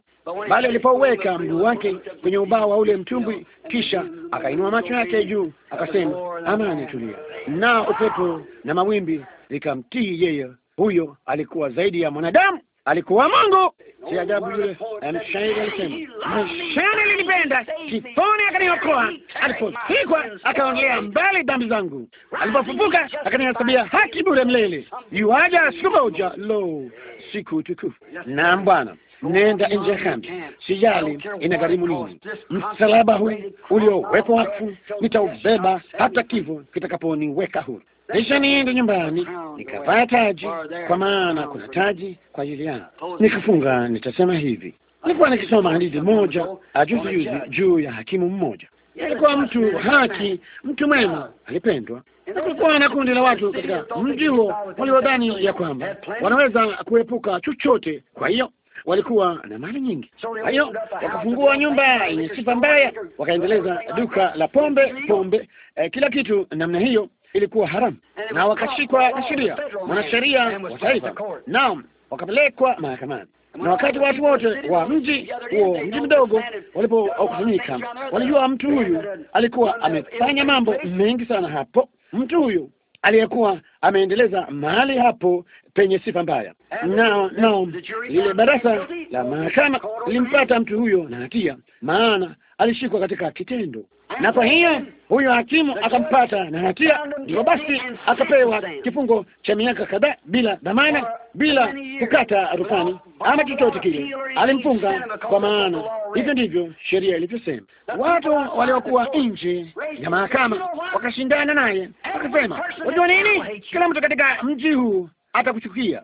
bali alipoweka mguu wake kwenye ubao wa ule mtumbwi, kisha akainua macho yake juu, akasema amani, tulia, na upepo na mawimbi vikamtii yeye. Huyo alikuwa zaidi ya mwanadamu alikuwa Mungu. Si ajabu yule eh, mshairi alisema, maishani alinipenda, kifoni akaniokoa, aliposikwa akaongelea mbali dhambi zangu, alipofufuka akanihesabia haki bure milele, yuaja siku moja. Lo, siku tukufu! Naam Bwana, nenda nje ya kambi, sijali inagharimu nini. Msalaba huu uliowekwa wakfu nitaubeba hata kifo kitakaponiweka huru. Kisha niende nyumbani nikavaa taji, kwa maana kuna taji kwa ajili yangu. Nikifunga nitasema hivi, nilikuwa nikisoma hadithi moja ajuzi juzi juu ya hakimu mmoja. Alikuwa mtu haki, mtu mwema, alipendwa. Kulikuwa na kundi la watu katika mji huo waliodhani ya kwamba wanaweza kuepuka chochote, kwa hiyo walikuwa na mali nyingi. Kwa hiyo wakafungua nyumba yenye sifa mbaya, wakaendeleza duka la pombe pombe, eh, kila kitu namna hiyo ilikuwa haramu, na wakashikwa na sheria, mwanasheria wa taifa, naam, wakapelekwa mahakamani na wakati watu wote wa mji huo, mji mdogo, walipokusanyika walijua mtu huyu alikuwa amefanya mambo mengi sana hapo, mtu huyu aliyekuwa ameendeleza mahali hapo penye sifa mbaya, na na lile baraza la mahakama limpata mtu huyo na hatia, maana alishikwa katika kitendo na kwa hiyo huyo hakimu akampata na hatia, ndipo basi akapewa kifungo cha miaka kadhaa bila dhamana, bila kukata rufani ama chochote kile. Alimfunga kwa maana hivyo ndivyo sheria ilivyosema. Watu waliokuwa nje ya mahakama wakashindana naye, wakasema, unajua nini, kila mtu katika mji huu atakuchukia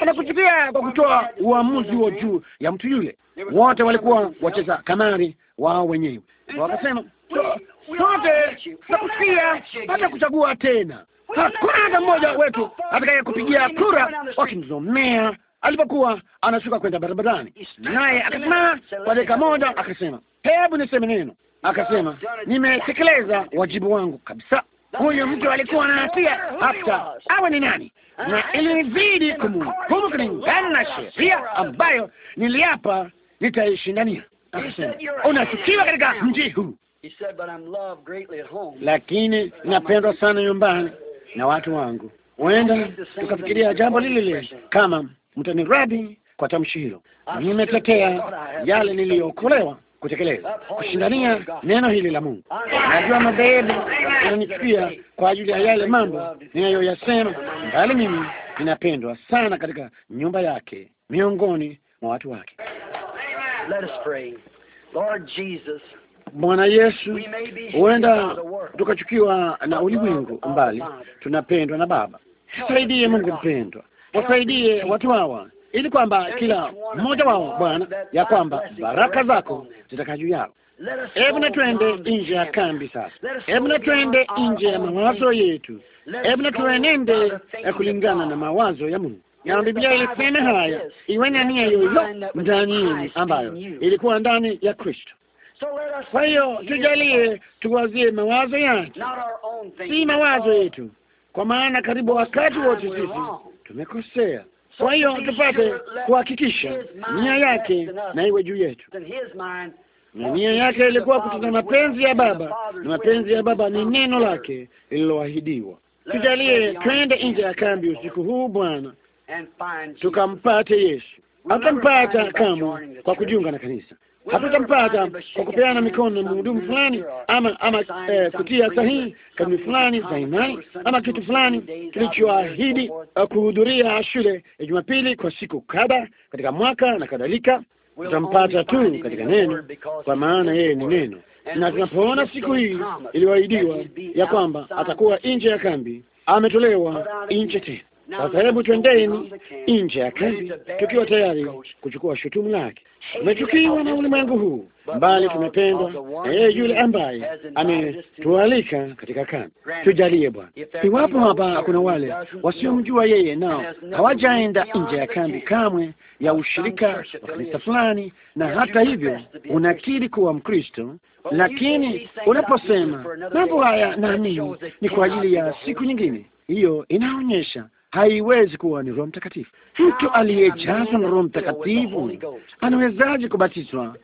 anakuchukia kwa kutoa uamuzi wa juu ya mtu yule. Wote walikuwa wacheza kamari wao wenyewe wakasema sote tutakusikia hata kuchagua tena. Hakuna hata mmoja wetu atakaye kupigia kura, wakimzomea alipokuwa anashuka kwenda barabarani, naye akasimama kwa dakika moja, akasema hebu niseme neno. Akasema nimetekeleza wajibu wangu kabisa. Huyu mtu alikuwa na hatia hata awe ni nani, uh, na ilinibidi kumhukumu kulingana na sheria ambayo niliapa nitaishindania unachukiwa katika mji huu, lakini napendwa sana nyumbani na watu wangu. Huenda tukafikiria jambo lile lile kama mtaniradi kwa tamshi hilo. Nimetetea yale niliyokolewa kutekeleza kushindania neno hili la Mungu. Najua madhehebu yananichukia kwa ajili ya yale mambo ninayoyasema, bali mimi ninapendwa sana katika nyumba yake, miongoni mwa watu wake. Bwana Yesu, huenda tukachukiwa na ulimwengu mbali, tunapendwa na Baba. Tusaidie Mungu mpendwa, wasaidie watu hawa ili kwamba kila mmoja wao Bwana, ya kwamba baraka zako zitakaa juu yao. Hebu na twende nje ya kambi sasa, hebu na twende nje ya mawazo yetu, hebu na tuenende kulingana na mawazo ya Mungu na Biblia ilisema haya, iweni na nia hiyo ndani yenu ambayo ilikuwa ndani ya Kristo. Kwa hiyo tujalie tuwazie mawazo yake, si mawazo yetu, kwa maana karibu wakati wote sisi tumekosea. Kwa hiyo tupate kuhakikisha nia yake na iwe juu yetu, na nia yake ilikuwa kutenda mapenzi ya Baba, na mapenzi ya Baba ni neno lake lililoahidiwa. Tujalie twende nje ya kambi usiku huu Bwana tukampate Yesu. Hatutampata kamwe kwa kujiunga na kanisa, hatutampata kwa kupeana mikono na mhudumu fulani ama ama eh, kutia sahihi kanuni fulani za imani ama kitu fulani kilichoahidi eh, kuhudhuria shule ya Jumapili kwa siku kadha katika mwaka na kadhalika. Tutampata tu katika neno, kwa maana yeye ni neno, na tunapoona siku hii iliyoahidiwa ya kwamba atakuwa nje ya kambi, ametolewa nje tena sasa hebu twendeni nje ya kambi tukiwa tayari kuchukua shutumu lake. Tumechukiwa na ulimwengu huu, mbali tumependwa na yeye yule ambaye ametualika katika kambi. Tujalie Bwana. Iwapo hapa kuna wale wasiomjua yeye, nao hawajaenda nje ya kambi kamwe ya ushirika wa kanisa fulani, na hata hivyo unakiri kuwa Mkristo, lakini unaposema mambo haya, naamini ni kwa ajili ya siku nyingine, hiyo inaonyesha haiwezi kuwa ni Roho Mtakatifu. Mtu ah, aliyejazwa na Roho Mtakatifu anawezaje kubatizwa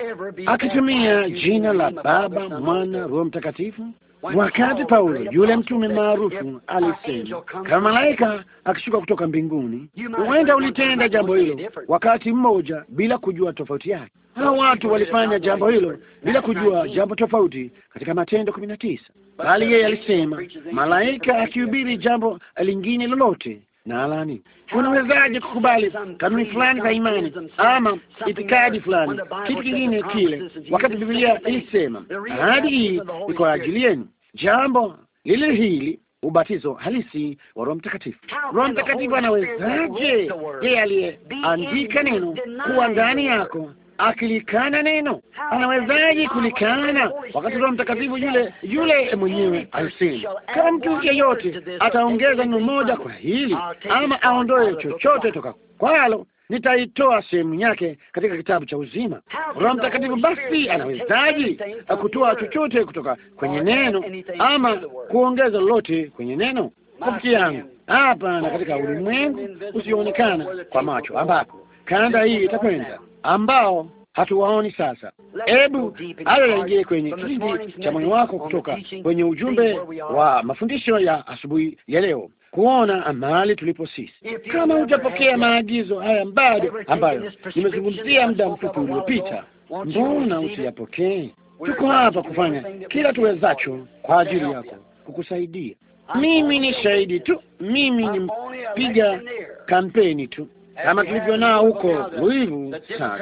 akitumia jina la Baba, Mwana, Roho Mtakatifu? Wakati Paulo yule mtume maarufu alisema, kama malaika akishuka kutoka mbinguni, huenda ulitenda jambo hilo wakati mmoja bila kujua tofauti yake. Hao watu walifanya jambo hilo bila kujua jambo tofauti katika Matendo kumi na tisa, bali yeye alisema malaika akihubiri jambo lingine lolote na alani. Unawezaje kukubali kanuni fulani za imani ama itikadi fulani, kitu kingine kile, wakati Biblia ilisema ahadi hii ni ajili yenu? Jambo lile hili ubatizo halisi wa Roho Mtakatifu. Roho Mtakatifu anawezaje yeye aliyeandika neno kuwa ndani yako akilikana neno, anawezaje kulikana wakati Roho Mtakatifu yule yule mwenyewe alisema, kama mtu yeyote ataongeza neno moja kwa hili ama aondoe chochote toka kwalo nitaitoa sehemu yake katika kitabu cha uzima. Roho Mtakatifu basi anawezaji kutoa chochote kutoka kwenye neno ama kuongeza lolote kwenye neno? Rafiki yangu, hapa na katika ulimwengu usioonekana kwa macho, ambapo kanda hii itakwenda ambao hatuwaoni sasa. Hebu hayo yaingie kwenye kilindi cha moyo wako kutoka kwenye ujumbe wa mafundisho ya asubuhi ya leo, kuona mahali tulipo sisi. Kama hujapokea maagizo haya bado ambayo nimezungumzia muda mfupi uliopita, mbona usiyapokee? Tuko hapa kufanya kila tuwezacho kwa ajili yako, kukusaidia. Mimi ni shahidi tu, mimi ni mpiga kampeni tu kama tulivyo nao huko Louisville. Hmm, Sasa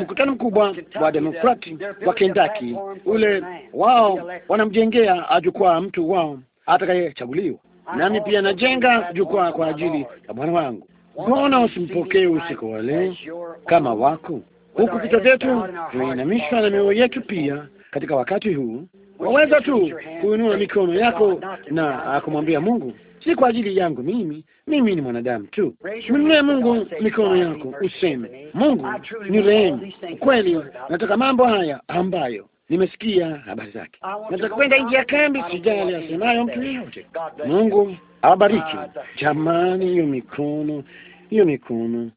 mkutano mkubwa wa demokrati wa Kentucky, ule wao wanamjengea ajukwaa mtu wao atakayechaguliwa, nami pia najenga jukwaa kwa ajili ya bwana wangu. Mbona usimpokee usiku wa leo kama wako huku? Vichwa vyetu vimeinamishwa na mioyo yetu pia katika wakati huu, waweza tu kuinua mikono yako na kumwambia Mungu si kwa ajili yangu mimi. Mimi ni mwanadamu tu. Mwinue Mungu mikono yako, useme Mungu ni rehemu, kweli nataka mambo haya ambayo nimesikia habari zake, nataka kwenda nje ya kambi, sijali asemayo mtu yeyote. Mungu awabariki jamani, hiyo mikono hiyo mikono.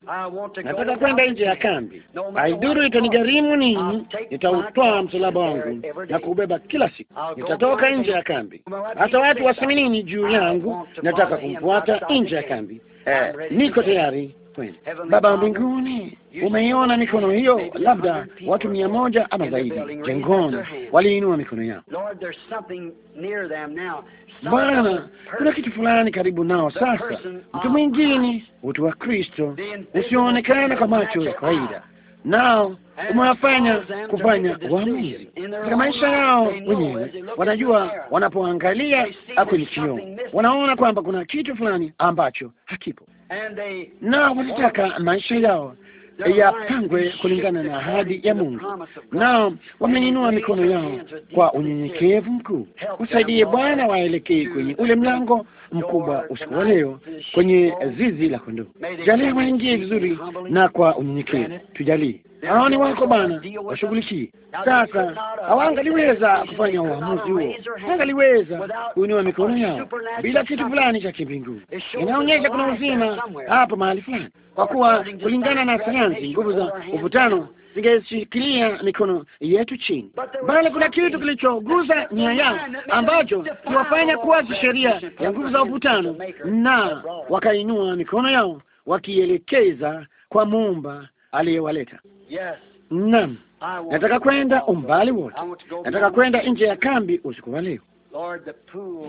Nataka kwenda nje ya kambi, haiduru itanigharimu nini, nitautwaa msalaba wangu na kuubeba kila siku. Nitatoka nje ya kambi, hata watu wasiminini juu yangu. Nataka kumfuata nje ya kambi. Eh, niko tayari kwenda. Baba wa mbinguni, umeiona mikono hiyo, labda watu mia moja ama zaidi jengoni waliinua mikono yao. Bwana, kuna kitu fulani karibu nao. Sasa mtu mwingine, utu wa Kristo usioonekana kwa macho ya kawaida, nao umewafanya kufanya uamuzi katika maisha yao wenyewe. Wanajua wanapoangalia kwenye kioo, wanaona kwamba kuna kitu fulani ambacho hakipo, nao wanataka maisha yao yapangwe kulingana na ahadi ya Mungu, na wameninua mikono yao kwa unyenyekevu mkuu. Usaidie Bwana, waelekee kwenye ule mlango mkubwa usiku wa leo kwenye zizi la kondoo. jalii waingie vizuri na kwa unyenyekevu, tujalii aoni wako Bwana, washughulikie sasa. Hawangaliweza kufanya uamuzi huo, hawangaliweza kuinua mikono yao bila kitu fulani cha kimbinguni. Inaonyesha kuna uzima hapa mahali fulani, kwa kuwa kulingana na sayansi, nguvu za uvutano zingeshikilia mikono yetu chini, bali kuna kitu kilichoguza nia yao ambacho kiwafanya kuasi sheria ya nguvu za uvutano, na wakainua mikono yao wakielekeza kwa muumba aliyewaleta. Naam, nataka kwenda umbali wote, nataka kwenda nje ya kambi usiku wa leo,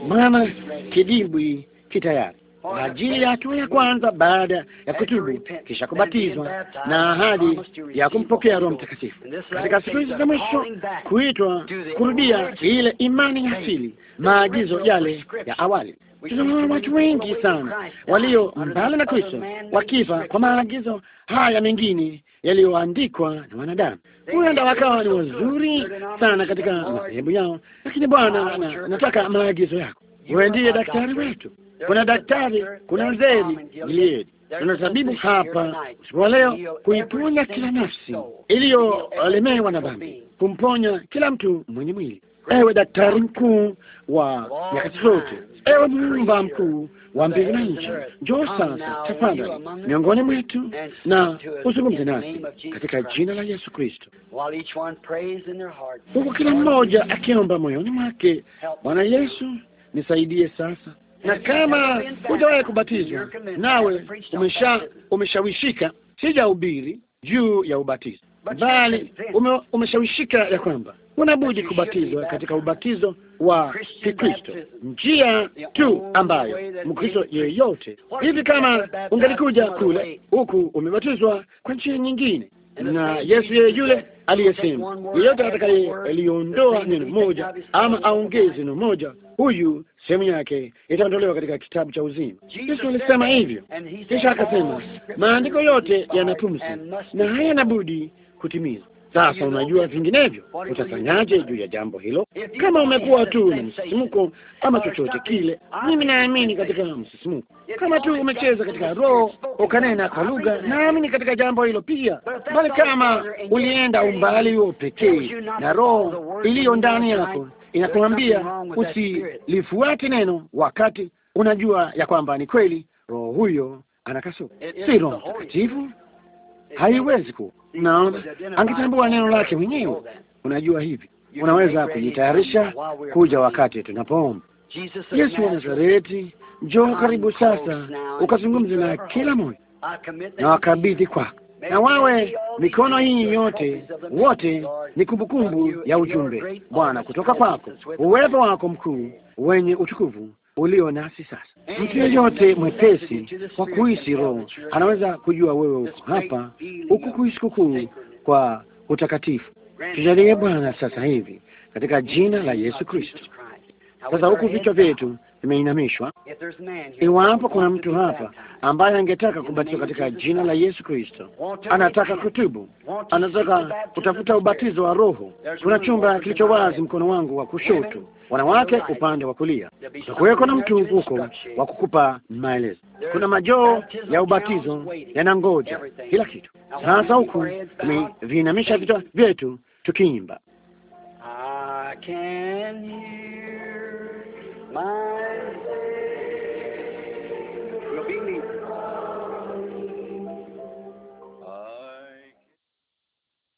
maana kidibwi kitayari kwa ajili ya hatua ya kwanza baada ya kutubu, kisha kubatizwa na ahadi ya kumpokea Roho Mtakatifu katika siku hizi za mwisho, kuitwa kurudia ile imani ya asili, maagizo yale ya awali. Tunaona watu wengi sana walio mbali na Kristo wakifa kwa maagizo haya mengine yaliyoandikwa na wanadamu. Huenda wakawa ni wazuri sana katika madhehebu yao, lakini Bwana, nataka maagizo yako, wewe ndiye daktari wetu kuna daktari, kuna nzeri Gilead, kuna tabibu hapa usiku wa leo kuiponya kila nafsi iliyolemewa na dhambi, kumponya kila mtu mwenye mwili. Ewe daktari mkuu wa nyakati zote, ewe muumba mkuu wa mbingu na nchi, njoo sasa tafadhali miongoni mwetu na uzungumze nasi katika jina la Yesu Kristo, huku kila mmoja akiomba moyoni mwake, Bwana Yesu nisaidie sasa na kama hujawahi kubatizwa nawe umesha umeshawishika, sijahubiri juu ya ubatizo, bali ume, umeshawishika ya kwamba unabudi kubatizwa katika ubatizo wa Kikristo, njia tu ambayo Mkristo yeyote hivi. Kama ungelikuja kule huku umebatizwa kwa njia nyingine, na Yesu yeye yule aliyesema yeyote atakaye neno moja ama aongeze neno moja, huyu sehemu yake itaondolewa katika kitabu cha uzima. Yesu alisema hivyo, kisha akasema maandiko yote yana pumzi na hayana budi kutimiza. Sasa unajua, vinginevyo utafanyaje juu ya jambo hilo? Kama umekuwa tu na msisimko ama chochote kile, mimi naamini katika msisimko Kama tu umecheza katika roho ukanena kwa lugha, naamini katika jambo hilo pia. Bali kama ulienda umbali huo pekee na roho iliyo ndani yako inakuambia usilifuate neno wakati unajua ya kwamba ni kweli roho huyo anakasuka. Si Roho Mtakatifu, haiwezi kuwa. Naona angetambua neno lake mwenyewe. Unajua hivi, unaweza kujitayarisha kuja wakati tunapoomba. Yesu wa Nazareti, njoo karibu sasa, ukazungumze na kila moja na wakabidhi kwako na wawe mikono hii yote wote ni kumbukumbu ya ujumbe Bwana kutoka kwako, uwepo wako mkuu wenye utukufu ulio nasi sasa. Mtu yeyote mwepesi kwa kuhisi roho anaweza kujua wewe uko hapa, huku kuhisi kukuu kwa utakatifu. Tujalie Bwana sasa hivi katika jina la Yesu Kristo. Sasa huku vichwa vyetu imeinamishwa Iwapo kuna mtu hapa ambaye angetaka kubatizwa katika jina la Yesu Kristo, anataka kutubu, anataka kutafuta ubatizo wa Roho, kuna chumba kilicho wazi mkono wangu wa kushoto, wanawake upande wa kulia. Kutakuweko na mtu huko wa kukupa maelezo. Kuna majoo ya ubatizo yanangoja kila kitu. Sasa huku tumeviinamisha vichwa vyetu tukiimba I can My.